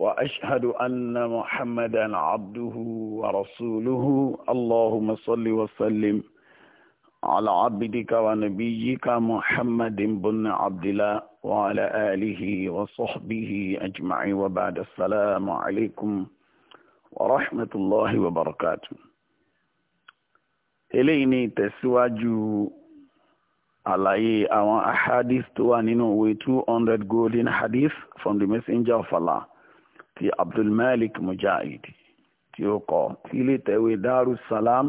وأشهد أن محمدا عبده ورسوله اللهم صل وسلم على عبدك ونبيك محمد بن عبد الله وعلى آله وصحبه أجمعين وبعد السلام عليكم ورحمة الله وبركاته إليني تسواجو علي àwọn أحاديث tó wà 200 golden hadith from the messenger of Allah ti abdulmalik mujahid tí ó kọ tí ilé tẹ̀wé darussalam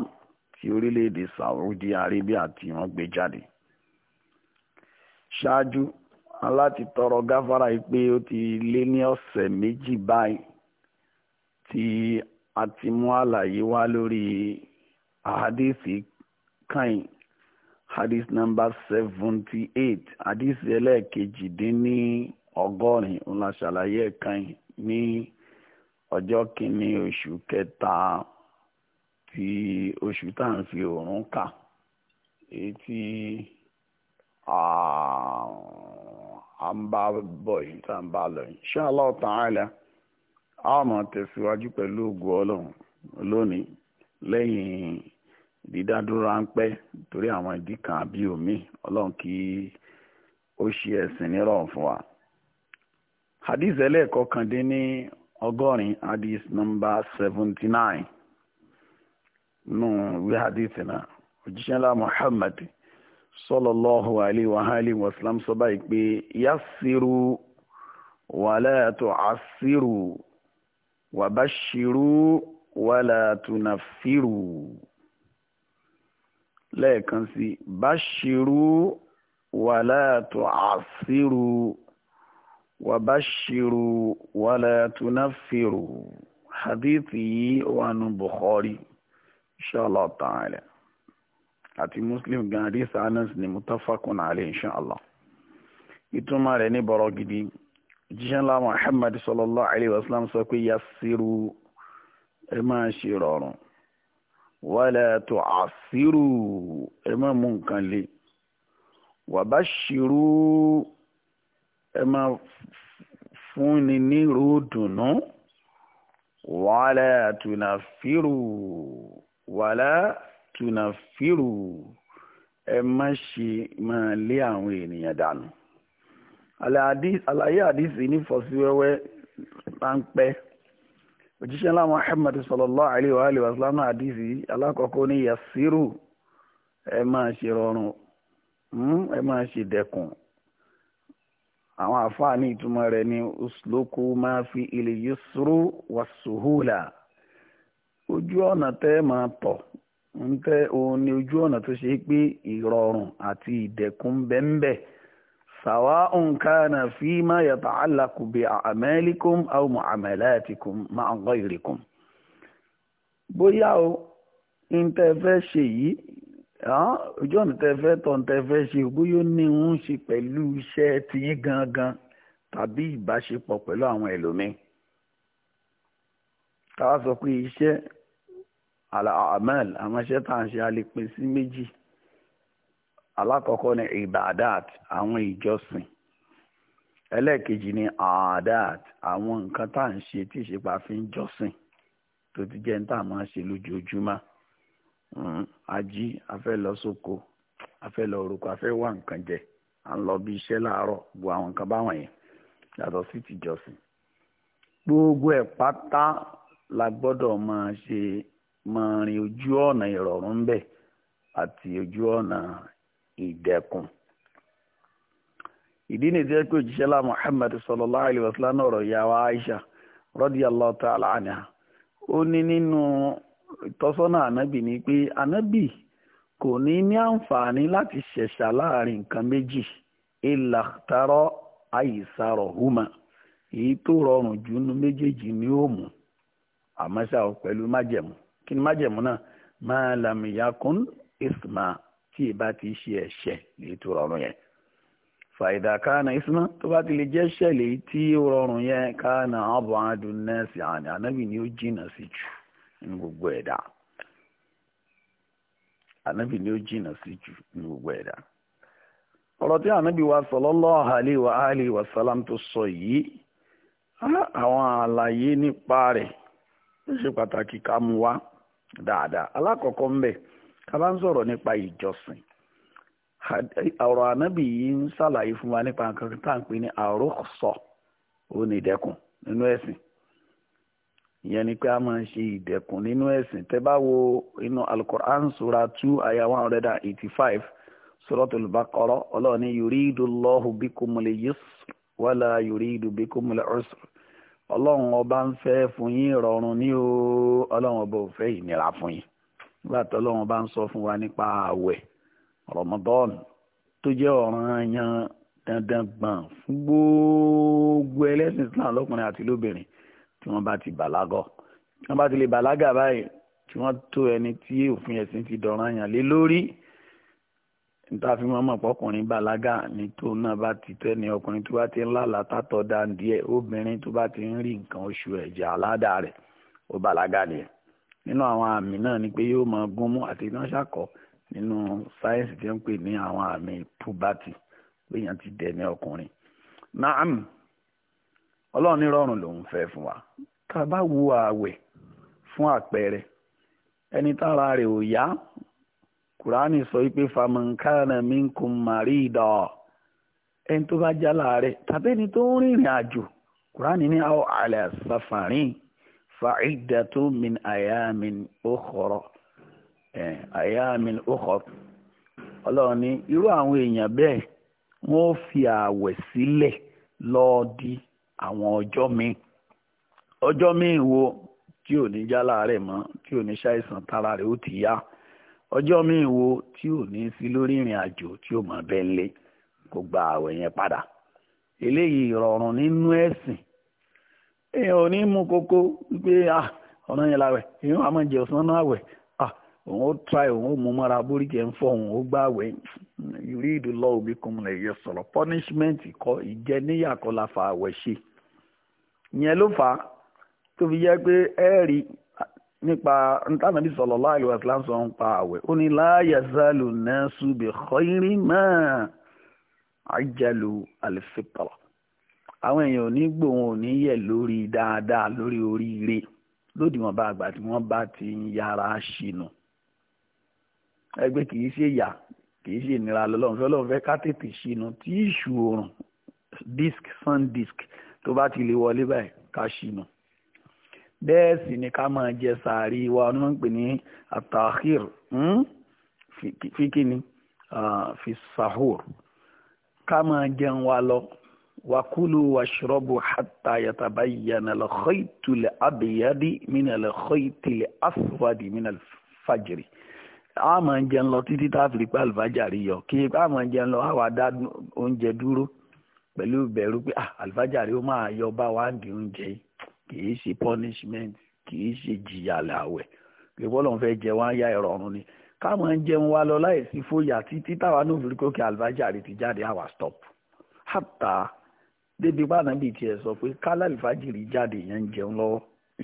ti orílẹ̀-èdè saudi arabia tí wọ́n gbé jáde ṣáájú aláti tọrọ gáfárà pé ó ti lé ní ọ̀sẹ̀ méjì báyìí tí a ti mú àlàyé wá lórí àhádìsí kan hadith number seventy eight hadith ẹlẹ́ẹ̀kejì dín ní ọgọ́rin òun la ṣàlàyé ẹ̀kan yìí ní ọjọ́ kìíní oṣù kẹta ti oṣù tá à ń fi òórùn kà èyí tí à ń bá bọ̀ yìí tá à ń bá lọ yìí a tẹ̀síwájú pẹ̀lú ògùn ọlọ́run lónìí lẹ́yìn dídádúró torí àwọn ìdí àbí omi ọlọ́run kí ó ṣe ẹ̀sìn nírọ̀ fún wa. hadith ẹlẹ́ẹ̀kọkàndínní ọgọ́rin hadith number seventy nine nù ìwé hadith náà òjíṣẹ́ ńlá muhammad sallallahu alayhi wa alihi wa sallam sọ báyìí pé wa wala tu'assiru wa bashiru wala tunaffiru lẹ́ẹ̀kan sí bashiru wala tu'assiru. wàbáṣirò wàlàtúnáfèrò hadithi yìí wà nù bukhari inshallah ta'ala àti muslim gan hadith anas ni mutafakun alayhi inshallah ìtumọ̀ rẹ̀ ní bọ̀rọ̀ gidi jíṣẹ́ ńlá muhammad sallallahu alayhi wa sallam sọ pé yasiru ẹ máa ṣe rọrùn wàlàtúnáfèrò ẹ máa mú nǹkan le wàbáṣirò ẹ máa fúnni ní ròdùnú wàhálà tùnàfírù wàhálà tùnàfírù ẹ má ṣe máa lé àwọn ènìyàn dànù àlàyé àdìsí ní fọ́síwẹ́wẹ́ ráńpẹ́ òjíṣẹ́ ńlá Muhammad sallallahu alaihi wa alihi wa sallam àdìsí alákọ̀ọ́kọ́ ní yasiru ẹ máa ṣe rọrùn hmm, ẹ máa ṣe dẹkùn àwọn àfáà ní ìtumọ̀ rẹ̀ ní usluku máa fi ilé yusru wasuhula ojú ọ̀nà tẹ́ máa tọ̀ ń tẹ́ òun ni ojú ọ̀nà tó ṣe pé ìrọ̀rùn àti ìdẹ̀kùn bẹ́ńbẹ́ sàwa nǹkan fi máa yàtọ̀ alákùbẹ̀ àmẹ́líkùm àwọn àmẹ́láàtìkùm máa ń gbọ́ ìrìkùm bóyá o ń fẹ́ ṣe yìí ojú ọ̀nà tẹ́fẹ́ tọ̀n tẹ́fẹ́ ṣe bóyá ó ní ń ṣe pẹ̀lú iṣẹ́ tiyín gangan tàbí ìbáṣepọ̀ pẹ̀lú àwọn ẹlòmíín táwa sọ pé iṣẹ́ amal àwọn iṣẹ́ tá à ń ṣe a sí méjì alákọ̀ọ́kọ́ ni ibadat àwọn ìjọsìn ẹlẹ́ẹ̀kejì ni adat àwọn nǹkan tá à ń ṣe tí ìṣèpá jọsìn tó ti jẹ́ ń tà máa ṣe lójoojúmọ́ ají hmm, a lọ sóko a fẹ́ lọ orúkọ a fẹ́ wá nǹkan jẹ à ń lọ bí iṣẹ́ láàárọ̀ bu àwọn nǹkan báwọn yẹn yàtọ̀ sí tìjọsìn gbogbo ẹ̀ pátá la gbọ́dọ̀ máa ṣe máa rin ojú ọ̀nà ìrọ̀rùn bẹ̀ àti ojú ọ̀nà ìdẹ̀kùn ìdí ni tí ẹ pé òjíṣẹ́ lá Muhammad sallallahu alaihi náà wa Aisha ó ìtọ́sọ́nà ànábì ni pé ànábì kò ní ní àǹfààní láti ṣẹ̀ṣà láàrin nǹkan méjì ìlà tààrọ húmà èyí tó rọrùn jù nínú méjèèjì ni ó mú pẹ̀lú májẹ̀mú kí ni májẹ̀mú náà máa làmìyàkún isma tí ti ṣe ẹ̀ṣẹ̀ tó rọrùn yẹn kánà tó bá ti lè jẹ́ ṣẹ̀lẹ̀ tí ó rọrùn yẹn kánà adùn nẹ́ẹ̀sì àná ní gbogbo ẹ̀dá ànábì ni ó jìnnà sí jù ní gbogbo ẹ̀dá ọ̀rọ̀ tí wa wa wa sọ yìí àwọn àlàyé nípa rẹ̀ ó ṣe pàtàkì ká mú wá dáadáa alákọ̀ọ́kọ́ ń bẹ̀ ká bá ń sọ̀rọ̀ nípa ìjọsìn ọ̀rọ̀ ànábì yìí ń ṣàlàyé fún wa ìyẹn ni pé a máa ṣe ìdẹ̀kùn nínú ẹ̀sìn tẹ́ bá wo inú alukur'an sura two aya one hundred and eighty-five suratul baqara ọlọ́ọ̀ni yuridu Allahu bikumul yusr wala yuridu bikumul usr ọlọ́run ọba ń fẹ́ fún yín rọrùn ní o ọlọ́run ọba ò fẹ́ ìnira fún yín nígbà tó ọlọ́run ọba ń sọ fún wa nípa ààwẹ̀ rọmọdọ́ọ̀nù tó jẹ́ ọ̀ranyàn dandan gbọ̀n fún gbogbo ẹlẹ́sìn Islam lọ́kùnrin àti lóbìnrin tí wọ́n bá ti bàlágọ̀ tí wọ́n bá ti lè bàlágà báyìí tí wọ́n tó ẹni tí òfin ẹ̀sìn ti dọ̀ràn yàn lé lórí níta fi mọ́ mọ̀ pọ́kùnrin bàlágà ni tó náà bá ti tẹ́ni ọkùnrin tó bá ti ń lálà tátọ̀ dáńdíẹ̀ obìnrin tó bá ti ń rí nǹkan oṣù ẹ̀jẹ̀ aládàá rẹ̀ ó bàlágà nìyẹn nínú àwọn àmì náà ni pé yóò máa gúnmú àti iná ṣàkọ nínú sáyẹ́nsì tí wọ́n ń pè ní àwọn àmì púbátì pé èèyàn ti dẹ̀ ní ọkùnrin ọlọ́run ní rọrùn lòun fẹ́ fún wa tá a bá wo ààwẹ̀ fún àpẹẹrẹ ẹni tára rẹ̀ ò yá kùránì sọ wípé famankana minkum marida ẹni tó bá jálá rẹ̀ tàbí ẹni tó ń rìnrìn àjò kùránì ní àwọn àlẹ́ safarin fa'iddatun min ayamin ukhra ayamin ukhra ọlọ́run ní irú àwọn èèyàn bẹ́ẹ̀ wọ́n fi ààwẹ̀ sílẹ̀ lọ́ọ́ di àwọn ọjọ́ míì ọjọ́ míì wo tí ò ní jálá rẹ̀ mọ́ tí ò ní ṣàìsàn tára rẹ̀ ó ti yá ọjọ́ míì wo tí ò ní sí lórí ìrìn àjò tí ò mọ̀ bẹ́ẹ̀ lé kó gba àwẹ̀ yẹn padà eléyìí ìrọ̀rùn nínú ẹ̀sìn èèyàn ò ní mú kókó pé ọ̀nà yẹn làwẹ̀ èèyàn àmọ́ jẹ ọ̀sán náà àwẹ̀ òun ó try òun ó mú mọ́ra bóríkì ẹ̀ ń fọ́ òun ó gbà wẹ̀ ìrírí ìdúlọ́ òbí kùn yẹ sọ̀rọ̀ punishment kọ́ ìjẹníyà la fa àwẹ̀ ṣe ìyẹn ló fà á tó fi yẹ pé ẹ́ẹ̀rí nípa ntànàbí sallallahu alaihi wasallam ń pa àwẹ̀ ó ní la yazalu nasu bi khayri ma ajalu al-fitra àwọn èèyàn ò ní gbòhun ò ní yẹ̀ lórí dáadáa lórí oríire lódiwọ̀n bá àgbà tí wọ́n bá ti ń yára ṣìnà ẹgbẹ́ kì í ṣe yà kì í ṣe ìnira lọ́lọ́run fẹ́ lọ́run ká tètè ṣìnà tí oòrùn disc sun disc tó bá ti lè wọlé báyìí ká ṣìnà bẹ́ẹ̀ sì ni ká máa jẹ sàárì wa ni wọ́n ń pè ní atahir hmm? fi kíni fi sahur ká máa jẹun wa lọ wakulu washrobu hatta yatabayyana alkhaytu alabyadi min alkhayti alaswadi min alfajri a máa jẹun lọ títí tá a fi pé alfajari yọ kí a máa jẹun lọ àwa dá oúnjẹ dúró pẹ̀lú ìbẹ̀rù pé ah, àlùfájàre ó máa yọ bá wa ń di oúnjẹ kìí ṣe punishment kìí ṣe jìyà làwẹ̀ pé bọ́lọ̀ ń fẹ́ jẹ wá ń yá ìrọ̀rùn ni káwọn ń jẹun wa lọ láì sí fòyà títí táwa náà fi kókè àlùfájàre ti jáde àwa stop hàtà débi pàànà bíi tiẹ̀ sọ pé kálá àlùfájìrì jáde yẹn ń jẹun lọ́wọ́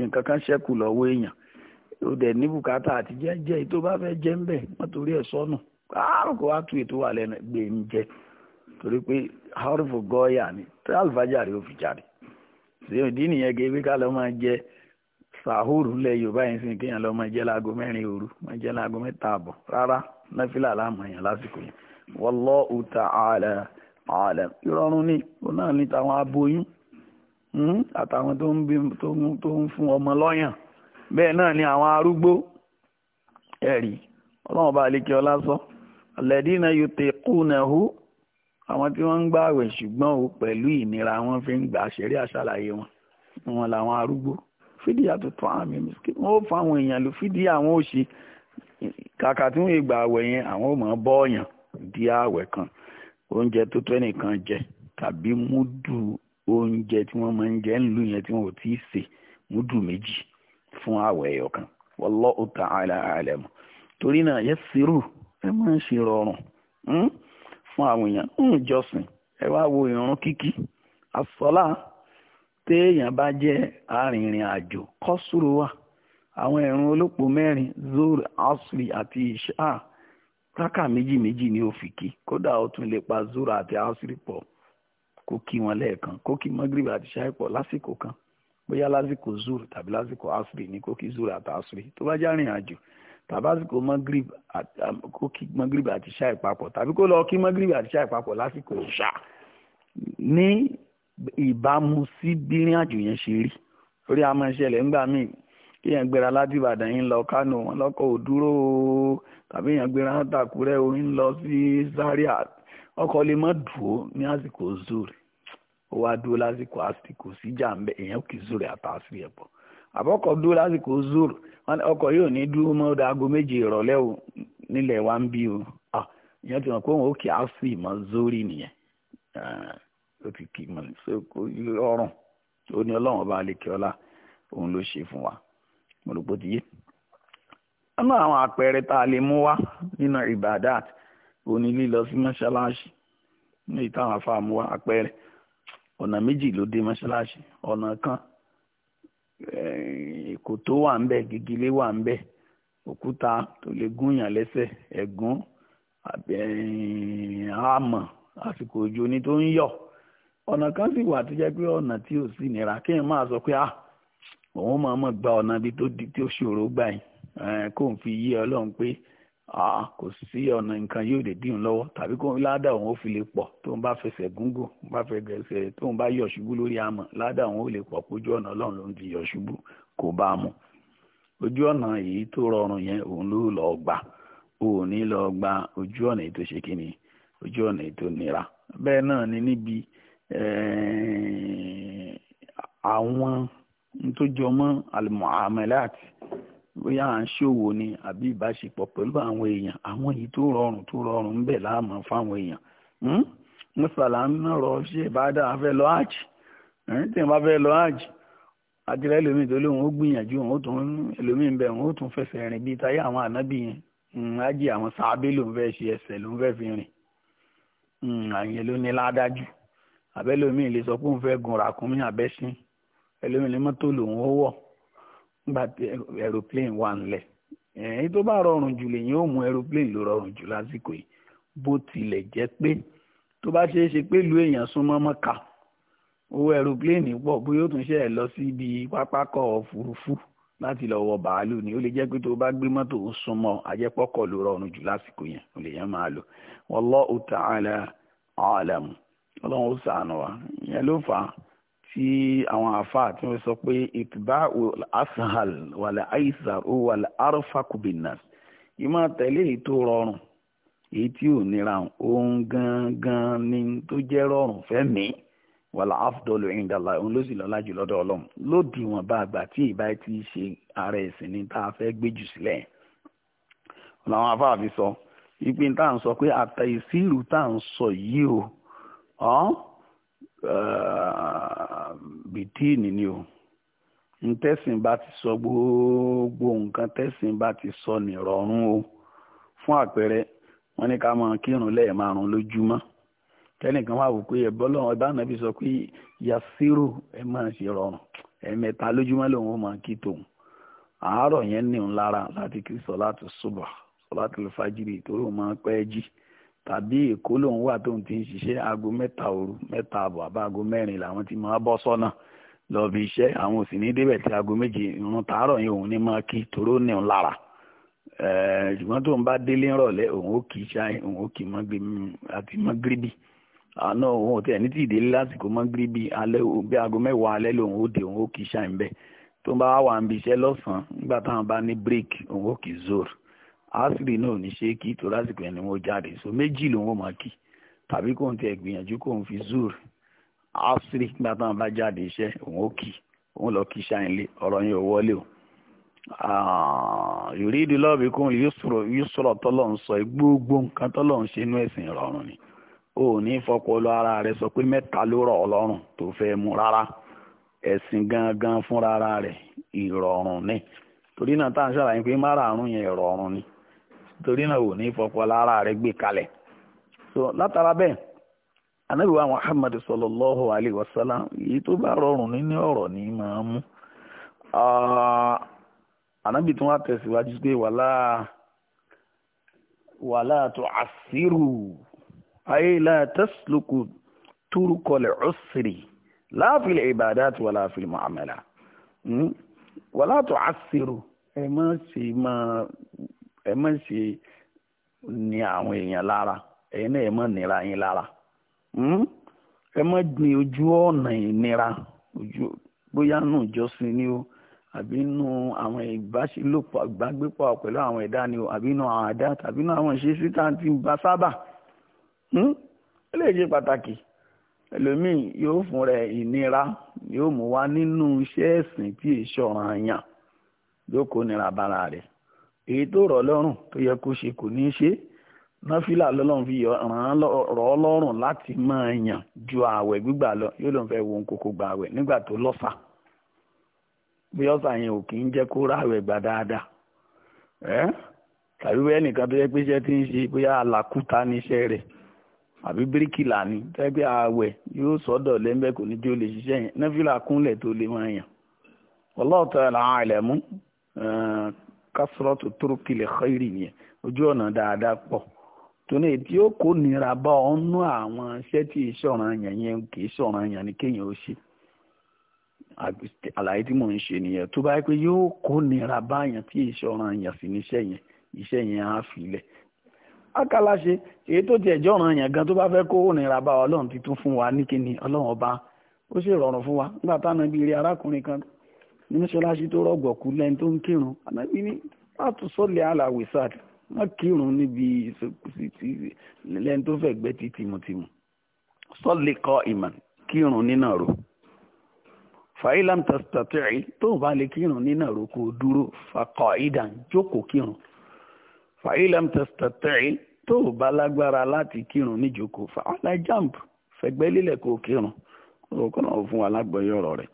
nǹkan kan ṣẹ́kù lọ́wọ́ èèyàn ó dẹ̀ ní bùkátà àti jẹ́jẹ́ tó bá fẹ́ jẹ́ ń bẹ̀ wọ́n ẹ̀ sọ́nù káàrùn wá tu ètò wà lẹ́nu gbé ń jẹ torí pé harufu gọ́ọ̀yà ni tí alifájàre ó fi jáde ṣèyàn ìdí nìyẹn kí ebi ká lọ́ máa jẹ sahuru lẹ yorùbá yẹn sì kéèyàn lọ́ máa jẹ láago mẹ́rin òru máa jẹ láago mẹ́ta àbọ̀ rárá náfìlà láàmú èèyàn lásìkò yẹn wallahu ta'ala àlẹ́ ìrọ̀rùn ni òun náà ní tàwọn aboyún hmm, àtàwọn tó ń fún ọmọ lọ́yàn bẹ́ẹ̀ náà ni àwọn arúgbó ẹ̀rí ọlọ́run bá lè kí ọlá sọ alladina yutiqunahu àwọn tí wọ́n ń gbààwẹ̀ ṣùgbọ́n o pẹ̀lú ìnira wọn fi ń gbà ṣẹ̀rí àṣàlàyé wọn wọn làwọn arúgbó fídíà tó tọ́ àmì miskin wọn ó fún àwọn èèyàn lò fídíà àwọn òṣì kàkà tí wọ́n gbà àwẹ̀ yẹn àwọn ò mọ̀ bọ́ọ̀yàn di àwẹ̀ kan oúnjẹ tó tó ẹnìkan jẹ tàbí múdù oúnjẹ tí wọ́n máa ń jẹ ńlú yẹn tí wọ́n ò tí ì sè múdù méjì fún àwẹ̀ ẹ̀yọ̀ kan wallahu ta'ala a'lam torí náà yẹ sírù ẹ máa ń ṣe rọrùn hmm? fún àwọn èèyàn ń jọsìn ẹ wá wo ìrun kíkí àsọlá téèyàn bá jẹ́ arìnrìn àjò kọ́sùrù wà àwọn ìrun olópò mẹ́rin zoro asri àti isha rákà méjì méjì ni ó fi kí kódà ó tún lè pa zoro àti asri pọ̀ kó kí wọn lẹ́ẹ̀kan kó kí magrib àti isha pọ̀ lásìkò kan bóyá lásìkò zoro tàbí lásìkò asri ni kó kí zoro àti asri tó bá jẹ́ arìnrìn àjò tàbásìkò magrib um, kó kí magrib àti ṣáì papọ̀ tàbí kó lọ kí magrib àti ṣáì papọ̀ lásìkò ṣá ní ìbámu sí bírin àjò yẹn ṣe rí orí a máa ṣẹlẹ̀ ńgbà míì kí èèyàn gbéra láti ìbàdàn yìí ń lọ kánò wọn lọ́kọ̀ ò dúró tàbí èèyàn gbéra látàkúrẹ́ orí ń lọ sí zaria ọkọ̀ lè má dùó ní àsìkò zuri ó wá dúró lásìkò àsìkò síjà ń bẹ kì í zuri àtàsí ẹ̀pọ̀ àbọ̀kọ̀ dúró lásìkò zoro ọkọ̀ yóò ní dúró mọ́ aago méje o nílẹ̀ ń o ìyẹn ti hàn pé òun ò kí mọ́ zori nìyẹn ó ti kì so mọ̀ ọrùn ó ní ọlọ́run ọba àlekè ọlá òun ló ṣe fún wa mo rò pé ó ti yé àwọn àpẹẹrẹ tá a lè mú wá nínú ibadat òní lílọ kan Eh, kòtó wà ń bẹ̀ gègélé wà ń bẹ̀ òkúta tó lè gúnyàn lẹ́sẹ̀ ẹ̀gún àmọ̀ eh, àsìkò òjò ni tó ń yọ. ọ̀nà kan sì wà tó jẹ́ pé ọ̀nà tí ò sí nira kí n máa sọ pé ah òun máa mọ̀ gba ọ̀nà ibi tó ṣòro gbà yìí eh, kó n fi yí ọlọ́run pé kò sí ọ̀nà nǹkan yóò lè dìhun lọ́wọ́ tàbí kó ládà òun ó fi lè pọ̀ tó ń bá fẹsẹ̀ gúngùn bá fẹsẹ̀ tó ń bá yọ̀ ṣubú lórí àmọ́ ládà òun ó lè pọ̀ pójú ọ̀nà ọlọ́run ló ń ti yọ̀ ṣubú kò bá mu ojú ọ̀nà èyí tó rọrùn yẹn òun ló lọ gbà òun ní lọ gba ojú ọ̀nà èyí tó ṣe kí ni ojú ọ̀nà èyí tó nira bẹ́ẹ̀ náà ni níbi eh, àwọn tó jọ mọ́ àlùmọ́ bóyá à ń ṣòwò ni àbí ìbáṣepọ̀ pẹ̀lú àwọn èèyàn àwọn èyí tó rọrùn tó rọrùn ń bẹ̀ láàmú fáwọn èèyàn mùsàlá hmm? ń rọ ṣe ìbádà afẹ́ lọ àjì ẹ̀rín hmm? tí wọ́n fẹ́ lọ àjì àtìrẹ́ ẹlòmíì tó lóun ó gbìyànjú òun ó tún ẹlòmíì ń bẹ̀ òun ó tún fẹsẹ̀ rìn bíi táyé àwọn ànábì yẹn ájì hmm, àwọn sábẹ́ lòun fẹ́ ṣe ẹsẹ̀ lòun fẹ́ fi rìn àyẹn ló ní ládájú àbẹ́lòmíì lè sọ pé òun fẹ́ gun ràkúnmí àbẹ́sìn ẹlòmíì lè mọ́tò lòun ó wọ̀ nígbà tí aeroplane wà ńlẹ̀ ẹ̀yìn tó bá rọrùn jù lèyìn ó mú aeroplane ló rọrùn jù lásìkò yìí bó tilẹ̀ jẹ́ pé tó bá ṣeé ṣe pé lu èèyàn súnmọ́ mọ́ka owó aeroplane pọ̀ bóyá ó tún ṣe ẹ̀ lọ síbi pápákọ̀ òfurufú láti lọ wọ bàálù ni ó lè jẹ́ pé tó bá gbé mọ́tò ó súnmọ́ ajẹ́pọ́kọ̀ ló rọrùn jù lásìkò yẹn ó lè yẹn máa lò wallahu ta'ala alam ọlọ́run ó ṣàánú wa ìyẹn ló fà á tí àwọn àfáà tí wọ́n sọ pé ìtìbá asahal wàlẹ̀ aisar ó wàlẹ̀ arfa kubinas ìmọ̀ tẹ̀lé èyí tó rọrùn èyí tí ò nira òun gangan ni tó jẹ́ rọrùn fẹ́mi wàlẹ̀ afdọ́lù ìndàlá òun ló sì lọ́lá jù lọ́dọ̀ ọlọ́run lódì wọn bá àgbà tí ìbá ti ṣe ara ẹ̀sìn ni tá a fẹ́ gbé jù sílẹ̀ làwọn àfáà fi sọ ìpín tá à ń sọ pé àtẹ̀yìsírù tá à ń sọ yìí o Um, bìtíìnì nínú o ntẹ́sìn bá ti sọ gbogbo nǹkan tẹ́sìn bá ti sọ nìrọ̀rùn o fún àpẹẹrẹ wọ́n ní ká máa kírun lẹ́ẹ̀márùn lójúmọ́ kẹ́nìkan wà wò pé ẹ̀bọ́ lọ́wọ́ ẹ̀bá nàbí sọ pé yasiru ẹ̀ máa ṣe rọrùn ẹ̀mẹ́ta lójúmọ́ lòun ó máa kí tòun àárọ̀ yẹn ní òun lára láti kí sọlá láti subah sọlá láti lè fàjìrì torí òun máa pẹ́ jí tàbí èkó lòun wà tóun ti ń ṣiṣẹ́ aago mẹ́ta òru mẹ́ta àbọ̀ àbá aago mẹ́rin làwọn ti máa bọ́ sọ́nà lọ bí iṣẹ́ àwọn òsì ní débẹ̀ tí aago méje ìrun tàárọ̀ yẹn òun ní máa kí toró ní òun lára ṣùgbọ́n tóun bá délé ńrọ̀lẹ́ òun ó kì í ṣáì òun ó kì í àti mọ́gíríbì àná òun ò tẹ̀ ní tí ìdílé lásìkò mọ́gíríbì alẹ́ bí aago mẹ́wàá alẹ́ lòun ó dé òun ó kì í ṣáì ń bẹ̀ tóun bá wà ń bí iṣẹ́ lọ́sàn-án nígbà táwọn bá ní bíréèkì òun ó kì í zoro asiri náà ò ní ṣe kí tó lásìkò ẹni wọn jáde so méjì ló wọn máa kí tàbí kò ń tẹ gbìyànjú kò ń fi zur asiri nígbà táwọn bá jáde iṣẹ́ òun ó kì òun lọ kí sáyẹnlé ọ̀rọ̀ yẹn ò wọlé o ìrírí lọ́ọ̀bì kún yusrọ̀ tọ́lọ̀ ń sọ gbogbo nǹkan tọ́lọ̀ ń ṣe inú ẹ̀sìn ìrọ̀rùn ni o ò ní fọkọ̀ lọ ara rẹ sọ pé mẹ́ta ló rọ̀ ọlọ́run tó fẹ́ mu rárá ẹ̀sìn gangan fúnra rẹ̀ ìrọ̀rùn ni torí náà tá à ń ṣàlàyé pé márààrún yẹn ìrọ̀rùn ni torí náà ò ní fọpọlọ ara rẹ̀ gbé kalẹ̀ so látara bẹ́ẹ̀ anábìwá muhammad sallallahu alayhi wa sallam èyí tó bá rọrùn nínú ọ̀rọ̀ ní máa mú anábì tí wọ́n tẹ̀síwájú pé wàlá wàlá tu'assiru ayé la tasluku turukal usri la fil ibadat wàlá fil mu'amala hmm? wàlá tu'assiru ẹ ma ṣe máa ẹ má ṣe ní àwọn èèyàn lára ẹ̀yin náà ẹ má nira yín lára hmm? ẹ má gbin ojú ọ̀nà ìnira bóyá nù jọ́sìn ni o àbí nù àwọn ìbáṣelòpọ̀ ìbágbépọ̀ pẹ̀lú àwọn ẹ̀dá ni o àbí nù àwọn àdá tàbí nù àwọn ìṣesí tá à ń ti bá sábà ó hmm? lè ṣe pàtàkì ẹlòmíì yóò fún rẹ ìnira yóò mú wá nínú iṣẹ́ ẹ̀sìn tí èso ọ̀ràn àyàn yóò kó nira bára rẹ̀ èyí tó rọ̀ lọ́rùn tó yẹ kó ṣe kò ní í ṣe náfìlà lọ́lọ́run fi ràn án rọ̀ lọ́rùn láti máa yàn ju ààwẹ̀ gbígbà lọ yóò lóun fẹ́ wo nkókó gba ààwẹ̀ nígbà tó lọ́sà bí ọ̀sà yẹn ò kì í jẹ́ kó ráàwẹ̀ gba dáadáa ẹ́ tàbí bẹ́ẹ̀ nìkan tó yẹ pé iṣẹ́ ti ń ṣe bóyá alàkúta níṣẹ́ rẹ̀ àbí bíríkìlà ni tẹ́gbẹ́ ààwẹ̀ yóò sọ́dọ̀ lẹ́ńbẹ́ kò ní tí ó lè ṣiṣẹ́ yẹn náfìlà kásọ̀rọ̀tù tórókìlẹ̀ xẹ́rì nìyẹn ojú ọ̀nà dáadáa pọ̀ tóní ètí ó kó nira bá ọ̀nù àwọn iṣẹ́ tí ìṣọ̀ràn yẹn yẹn kì í ṣọ̀ràn yẹn ni kéèyàn ó ṣe àlàyé tí mò ń ṣe nìyẹn tó bá yẹ pé yóò kó nira bá yẹn tí ìṣọ̀ràn yẹn sì níṣẹ́ yẹn iṣẹ́ yẹn á filẹ̀ akálàṣe èyí tó tiẹ̀ jọ̀ràn yẹn gan tó bá fẹ́ kó nira bá ọlọ́run ti tún fún wa ní kíni ọlọ́run ọba ó sì rọrùn fún wa nígbà táwọn ibi rí arákùnrin kan ní mọ́ṣáláṣí tó rọ̀gbọ̀kú lẹ́ni tó ń kírun ànábì ní àtúnṣọ́lẹ̀ aláwẹ̀sàd wọ́n kírun níbi lẹ́ni tó fẹ́ gbẹ́ ti tìmùtìmù sọ́lẹ̀ kọ́ ìmọ̀ kírun nínà rò fàílàm tàstàtìrì tó bá lè kírun nínà rò kó dúró fakọ̀ ìdàn jókòó kírun fàílàm tàstàtìrì tó bá lágbára láti kírun níjókòó fàálà jàmp fẹ̀gbẹ́ lílẹ̀ kó kírun ó kọ́nà fún alágbọ̀yọ̀rọ̀ rẹ̀.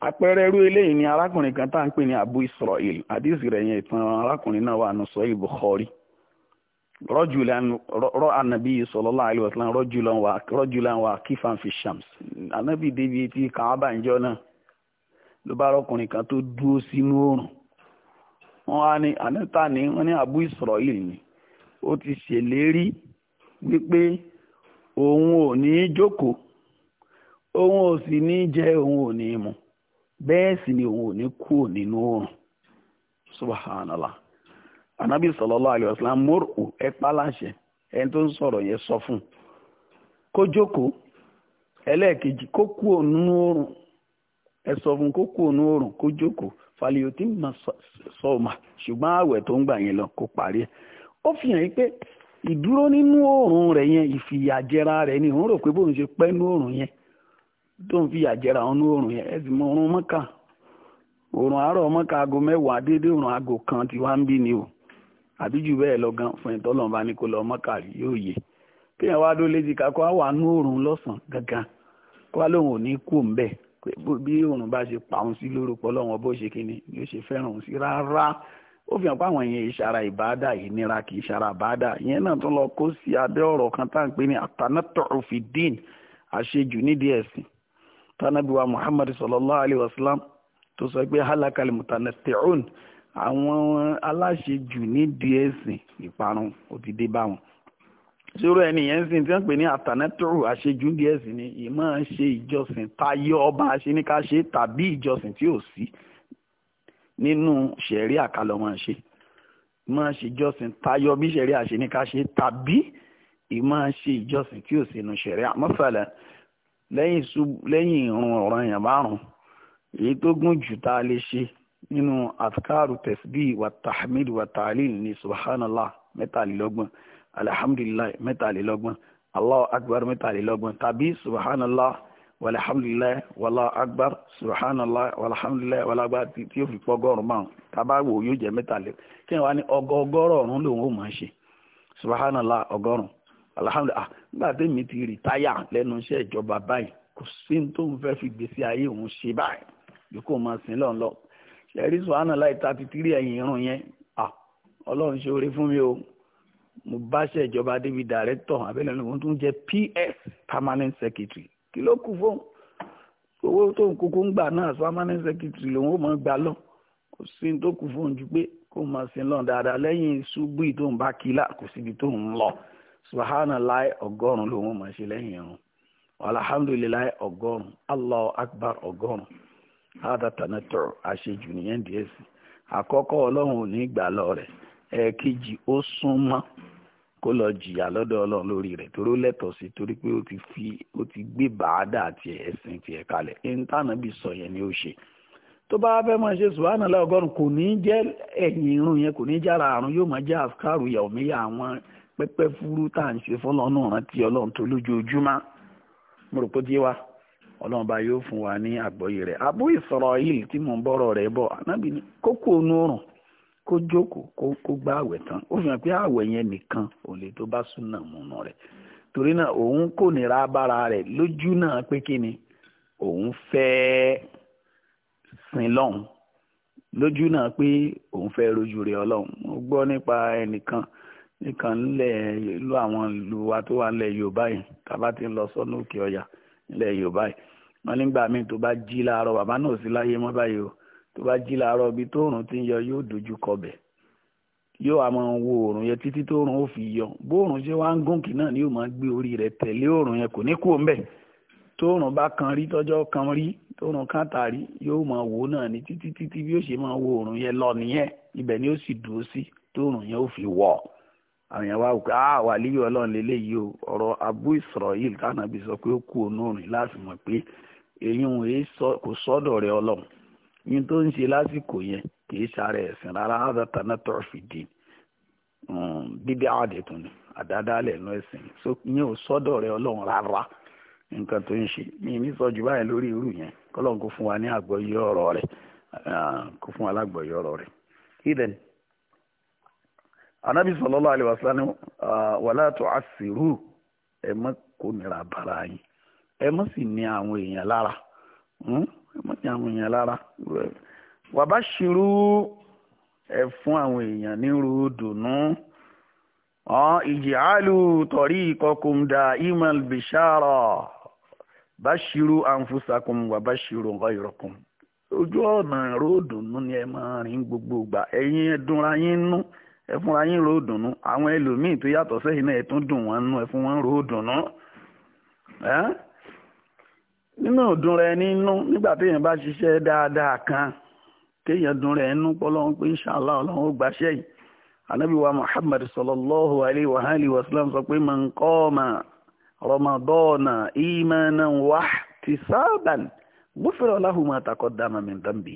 àpẹẹrẹ irú eléyìí ni arákùnrin kan tá à ń pè ní abu israel àdìsí rẹ̀ yẹn ìtàn arákùnrin náà wà nùsọ ìbùkọ́rí rọ́jùlan rọ́ ànàbí sallallahu alaihi wasallam rọ́jùlan wà rọ́jùlan wà kífàn fi shams ànàbí débi tí kàábà ń jọ náà ló bá arákùnrin kan tó dúró sínú oòrùn wọn á ní àníta ní wọn ní abu israel ni ó ti ṣèlérí wípé òun ò ní í jókòó òun ò sì ní í jẹ òun ò ní í mu bẹ́ẹ̀ sì ni òun ò ní kúrò nínú oòrùn subhanallah anabi sallallahu alayhi wa sallam ẹ pàláṣẹ ẹni tó ń sọ̀rọ̀ yẹn sọ fún kó jókòó ẹlẹ́ẹ̀kejì kó kúrò nínú oòrùn ẹ sọ fún kó kúrò nínú oòrùn kó jókòó fàlìyòtì mà ṣùgbọ́n ààwẹ̀ tó ń gbà lọ kó parí fi hàn yí pé ìdúró nínú oòrùn yẹn ìfìyàjẹra ni òun rò pé bóun ṣe pẹ́ nínú oòrùn yẹn tó ń fi jẹra ọ̀nú oòrùn yẹn maka mọ oòrùn mọ́kà ago àárọ̀ mọ́kà aago mẹ́wàá aago kan ti ń bí ni o àbí jù bẹ́ẹ̀ lọ gan fún ẹ̀tọ́ lọ́nba maka kò lọ mọ́kà yóò yẹ kéèyàn wá dó léjì kakọ́ á wà nú lọ́sàn gangan kó wá lóun ò ní kú ń bí bá ṣe pa òun sí lórúkọ lọ́wọ́n bó ṣe kíni ló ṣe fẹ́ràn òun sí rárá ó fi hàn pé àwọn tánàbíwá muhammad sallallahu alayhi wa sallam tó sọ pé halakali mutanatiun àwọn aláṣejù nídìí ẹ̀sìn ìparun ó ti dé bá wọn sórí ẹni yẹn sìn tí wọ́n pè ní àtànẹ́tòrò àṣejù díẹ̀ sí ni ìmọ̀ ṣe ìjọsìn tayọ ọba àṣeníkàṣe tàbí ìjọsìn tí ò sí nínú ṣẹ̀rí àkàlọ́ máa ṣe máa ṣe ìjọsìn tayọ bí ṣẹ̀rí àṣeníkàṣe tàbí ìmọ̀ ṣe ìjọsìn tí ò sí nínú ṣẹ̀rí àmọ́fẹ́lẹ́ lẹ́yìn ìrun ọ̀ràn yàn márùn èyí tó gùn jù tá a lè ṣe nínú afkaru tẹsbí wa tahmid wa ta'lil ní subhanallah mẹ́tàlélọ́gbọ̀n alhamdulilayi mẹ́tàlélọ́gbọ̀n allahu akbar mẹ́tàlélọ́gbọ̀n tàbí subhanallah walhamdulilayi wala akbar subhanallah walhamdulilayi wala akbar tí yóò fi pọ́gọ́rùn márùn tábàgbò yóò jẹ́ mẹ́tàlélọ́gbọ̀n kí wọ́n á ní ọgọ́gọ́rọ̀ ọ̀run lòun ó máa ṣe subhanallah ọgọ́rùn alhamdulilayi nígbà tẹ́mi ti rìtáyà lẹ́nu iṣẹ́ ìjọba báyìí kò sí ní tóun fẹ́ fi gbèsè ayé òun ṣe báyìí bí kò máa sin lọ́n lọ ṣẹ̀rí sùhánà láì tàbí tírí ẹ̀yìn irun yẹn ọlọ́run ṣe oore fún mi o mo bá ìjọba débi dàrẹ́tọ̀ abẹ́lẹ̀ ní wọ́n tún jẹ́ ps permanent secretary kí ló kù fóun owó tó ń kókó ń gbà náà permanent secretary lòun ó máa gbà lọ kò sí tó kù fóun ju pé kó máa sin lọ́n dáadáa lẹ́yìn ṣubú ìtòun bá kí kò síbi tóun lọ. subhanallah ọgọ́rùn-ún ló wọ́n máa ṣe lẹ́yìn ọ̀run alhamdulilayi ọgọ́rùn-ún akbar ọgọ́rùn-ún hada tanato àṣejù nìyẹn díẹ̀ sí àkọ́kọ́ ọlọ́run ò ní gbà lọ rẹ̀ ẹ̀ẹ̀kejì ó súnmọ́ kó lọ jìyà lọ́dọ̀ ọlọ́run lórí rẹ̀ torí ó lẹ́tọ̀ọ́ sí torí pé ó ti fi ó ti gbé bàádà àti ẹ̀sìn ni ó ṣe tó bá fẹ́ máa ṣe subhanallah ọgọ́rùn-ún kò ní pẹ́pẹ́ fúrú tá à ń ṣe fọlọ́nù rántí ọlọ́run tó lójoojúmọ́ mo rò pé díẹ̀ wá ọlọ́run bá yóò fún wa ní àgbọ́yé rẹ̀ Abu Israel tí mò ń bọ̀rọ̀ rẹ̀ bọ̀ ànábì ní kókó onú kó jókòó kó gba àwẹ̀ tán ó fi hàn pé àwẹ̀ yẹn nìkan òlè tó bá súnà múnú rẹ̀ torí náà òun kò nira bára rẹ̀ lójú náà pé kí ni òun fẹ́ sin lọ́hùn lójú náà pé òun fẹ́ rojú rẹ̀ ọlọ́run mo gbọ́ nípa ẹnìkan eh, nìkan ńlẹ̀ ìlú àwọn ìlú wa tó wà ńlẹ̀ Yorùbá yìí tábà ti ń lọ sọ́nù òkè ọ̀yà ńlẹ̀ Yorùbá yìí wọn nígbà míì tó bá jí láàárọ̀ bàbá náà sí láyé mọ́ báyìí o tó bá jí láàárọ̀ ibi tóòrùn ti ń yọ yóò dojú kọbẹ̀ yóò àmọ́ wo òòrùn yẹn títí tóòrùn ó fi yọ bóòrùn ṣe wá ń gòkè náà ni yóò máa gbé orí rẹ̀ tẹ̀lé òòrùn yẹn kò ní kú òǹbẹ̀ tóòrùn bá àwọn èèyàn wá wò pé a ah, wà líyìí ọlọ́run lélẹ́yìí o ọ̀rọ̀ abu israel sọ pé ó kú onórin láti mọ̀ pé èyí ò kò sọ́dọ̀ rẹ ọlọ́run yín tó ń ṣe lásìkò yẹn kì í ẹ̀sìn rárá hàdà tánà tọ́fìdì bíbí ni àdádálẹ̀ ẹ̀nu ẹ̀sìn yín ò sọ́dọ̀ ọlọ́run rárá nǹkan tó ń ṣe sọ jù báyìí lórí irú yẹn kọ́lọ́n fún wa ní ọ̀rọ̀ rẹ̀ ah, fún wa ọ̀rọ̀ rẹ̀ anabi sallallahu alaihi wasallam wala tu'assiru ẹ má kó nira bara yín ẹ má sì ní àwọn èèyàn lára hmm? ẹ má ní àwọn èèyàn lára wa bashiru ẹ fún àwọn èèyàn ní ròdùnú ij'alu tariqakum da'imal bishara bashiru anfusakum wa bashiru ghayrakum ojú ọ̀nà ròdùnú ni ẹ máa rìn gbogbo ìgbà ẹ̀yin ẹ̀dùnra yín nú. ẹ anyi yín ro dùnú àwọn ẹlòmíín tó yàtọ̀ sẹ́yìn náà ẹ tún dùn wọn nú ẹ fún wọn ro dùnú nínú òdùn rẹ nínú nígbà téèyàn bá ṣiṣẹ́ dáadáa kan téèyàn dùn rẹ nínú pọ́lọ́n pé inṣàlá ọlọ́run ó muhammad sallallahu alayhi wa alihi wa sallam sọ pé man qama ma taqaddama min dhanbi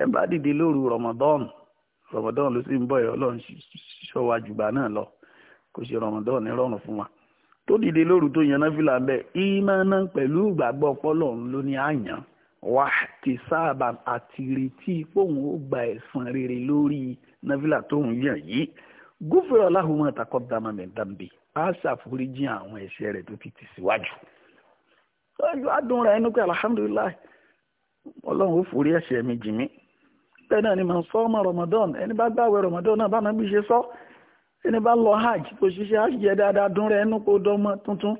ẹ bá dìde lóru ramadan rọmọdán ló sì ń bọ̀ ẹ̀ ọlọ́run ṣọwá jùgbà náà lọ kò ṣe rọmọdán ní rọrùn fún wa tó dìde lóru tó yan náfìlà bẹ́ẹ̀ ìmọ̀nà pẹ̀lú ìgbàgbọ́ ọpọlọ́run ló ní àyàn wá ti sáàbà àti retí póun ó gba ẹ̀san rere lórí náfìlà tó ń yàn yìí gúfèrè aláhùnmọ́ àtàkọ́ dàmà mẹ́dàmbé á ṣàforíjì àwọn ẹ̀ṣẹ̀ rẹ̀ tó ti tì síwájú. adùn rẹ̀ ẹnu pé alhamdulilayi ọlọ́run ó forí ẹ̀ṣẹ̀ mi jì mí bẹ́ẹ̀ náà ni mà ń Ramadan ẹni bá gbàwẹ̀ Ramadan náà báwọn bí ṣe sọ ẹni bá lọ hajj kò ṣiṣẹ́ hajj yẹ dáadáa dún rẹ ẹnu kó dọ́mọ tuntun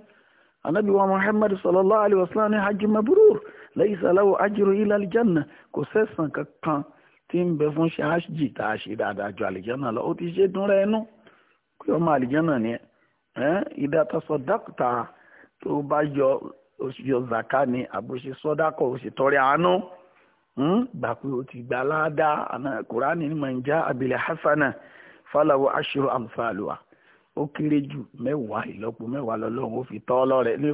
anabi wa Muhammad sallallahu alayhi wa sallam ní hajj mabrur laysa lahu ajru illa aljanna kò sẹ́sàn kankan tí ń bẹ fún ṣe hajj tá a ṣe dáadáa ju aljanna lọ ó ti ṣe dún rẹ ẹnu pé ọmọ aljanna ni ẹ ìdá tasaddaqta tó bá yọ yọ zaka ni àbòṣe sọdákọ òṣètọrẹ Hmm? gbà pé o ti gbà ládàá àná kùránì ní mọ̀njá abilẹ̀ hasana falawo aṣọ amsaluwa ó kéré jù mẹ́wàá ìlọ́po mẹ́wàá lọ́lọ́run ó fi tọ́ lọ́rẹ̀ ní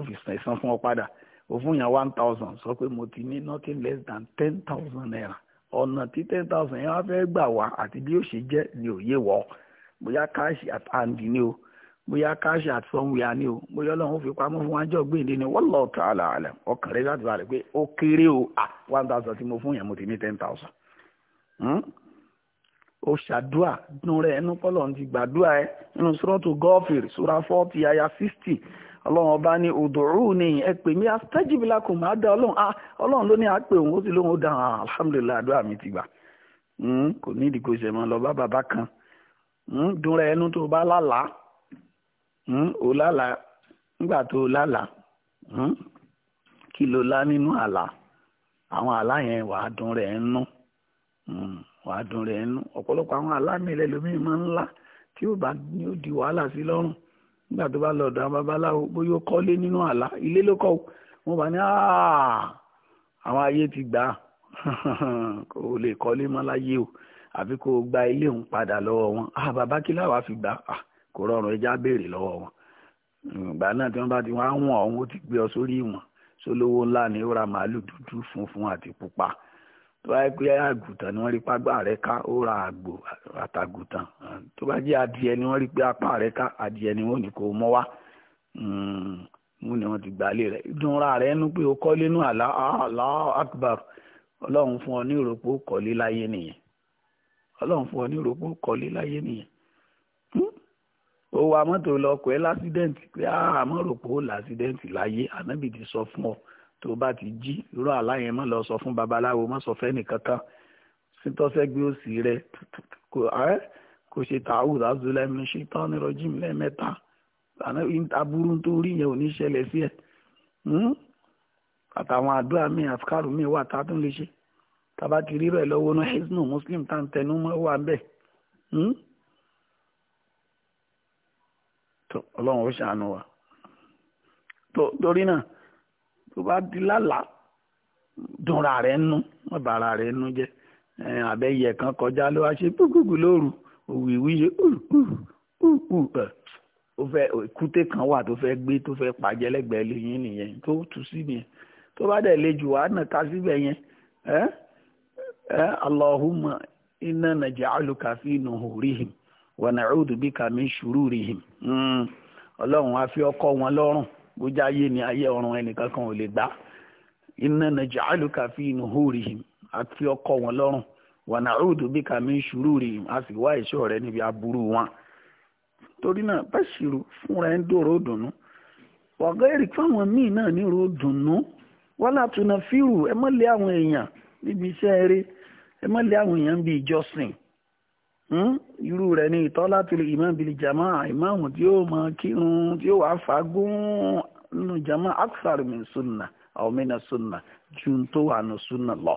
ó fi sàn ẹ̀sán fún ọ padà ó fún yàn one thousand sọ pé mo ti ní nothing less than ten thousand naira ọ̀nà tí ten thousand yẹn wá fẹ́ gbà wá àti bí ó ṣe jẹ́ ni òye wọ̀ bóyá káàṣì àtàǹdì ni o bóyá káàṣì àti sọ́nwìyà ni o bóyá ọlọ́run fi pamọ́ fún wájọ́ gbèdé ni wallahu ta'ala alam ọkàn rẹ láti balẹ̀ pé ó kéré o à one thousand tí mo fún yẹn mo ti ní ten thousand. Hmm? ó ṣàdúà nù rẹ ẹnu pọ́lọ̀ ti gbàdúà ẹ nínú suratu Ghafir sura forty aya sixty ọlọ́run ọba ní ud'uni ẹ pè mí astajib lakum máa dá ọlọ́run ah, ọlọ́run ló ní àpè òun ó ah, alhamdulillah àdúrà mi ti gbà hmm? kò ní ìdíkò ìṣẹ̀mọ́ lọ kan hmm? dùn rẹ ẹnu tó bá lálàá ó hmm? lálàá nígbà tó o lálàá hmm? kí ló lá nínú àlá àwọn àlá yẹn wàá dùn rẹ̀ ń nú hmm, wàá dùn rẹ̀ ń nú ọ̀pọ̀lọpọ̀ àwọn àlá mi lẹ́lòmíì máa ń lá tí ó bá ní ó di wàhálà sí lọ́rùn nígbà tó bá lọ ọ̀dọ̀ àwọn babaláwo bóyá ó kọ́lé nínú àlá ilé ló kọ́ wọn bá ní àwọn ayé ti gbà kò lè kọ́lé mọ́ láyé o àfi kó o gba ilé òun padà lọ́wọ́ wọn bàbá kí láwàá fi gbà á kò rọrùn ẹja béèrè lọ́wọ́ wọn hmm, ìgbà náà tí wọ́n bá ti wọ́n á wọ̀n ọ̀hún ó ti gbé ọ sórí ìwọ̀n sólówó ńlá ni ó ra màálù dúdú funfun àti pupa tó bá yẹ pé àgùntàn ni wọ́n rí págbá rẹ ká ó ra àgbò àtàgùntàn tó bá jẹ́ adìẹ ni wọ́n rí pé apá rẹ ká adìẹ ni wọ́n ní kó mọ́ wá mú hmm, ni wọ́n ti gbàlé rẹ̀ dunra rẹ̀ nú pé o kọ́lé nú Allahu akbar ọlọ́run fún ọ ní ìròpó kọ́lé láyé nìyẹn ọlọ́run fún ọ ní ìròpó kọ́lé láyé nìyẹn ó wa mọ́tò lọ kọ́ ẹ́ lásídẹ̀ǹtì pé àmọ́ rò pé ó lásídẹ̀ǹtì láyé ànábì ti sọ fún ọ tó bá ti jí irú àlá yẹn mọ́ lọ sọ fún babaláwo mọ́ sọ fẹ́ nìkankan sítọ́sẹ́gbẹ́ òsì rẹ kò ṣe tààwùd azulẹ́mi ṣe tán ní rọ́jìm lẹ́ẹ̀mẹ́ta aburú tó rí yẹn ò ní ṣẹlẹ̀ sí ẹ̀ hmm? àtàwọn àdúrà mi àfikàrù mi wà tá a tún lè ṣe tàbá ti rí rẹ̀ lọ́wọ́ náà heznu muslim tá à ń tẹnu mọ́ wà ń tó ọlọ́run ó ṣàánú wa tó torí náà tó bá di lálàá dunra rẹ nu wọn bàrà rẹ nú jẹ àbẹyẹ kan kọjá ló wá ṣe gbúgbùgbù lóru òwìwí ṣe ó kan wà tó fẹ gbé tó fẹ pàjẹ́ lẹ́gbẹ̀ẹ́ nìyẹn tó tù sí nìyẹn tó bá lè jù wá nà ká yẹn wa na'udhu bika min shururihim hmm. ọlọ́run á fi ọkọ wọn lọ́rùn bó já ni ayé ọ̀run ẹnìkan kan ò lè gbá inna naj'aluka fi nuhurihim á fi ọkọ wọn lọ́rùn wa na'udhu bika min shururihim á sì wá ìṣọ́ rẹ níbi aburú wọn torí náà bẹ́sìrù fúnra ẹ̀ ń dòrò dùnú wàgẹ́rì fáwọn míì náà nírò dùnú wọ́n látúná fírù ẹ mọ́lẹ̀ àwọn èèyàn níbi iṣẹ́ eré ẹ mọ́lẹ̀ àwọn èèyàn níbi ìjọsìn Hmm? irú rẹ̀ ni ìtọ́lá tìlú imam bíi jama imam tí ó mọ kírun tí ó wàá fagún nínú jama aksar min sunna aw mina sunna ju tó wà nù sunna lọ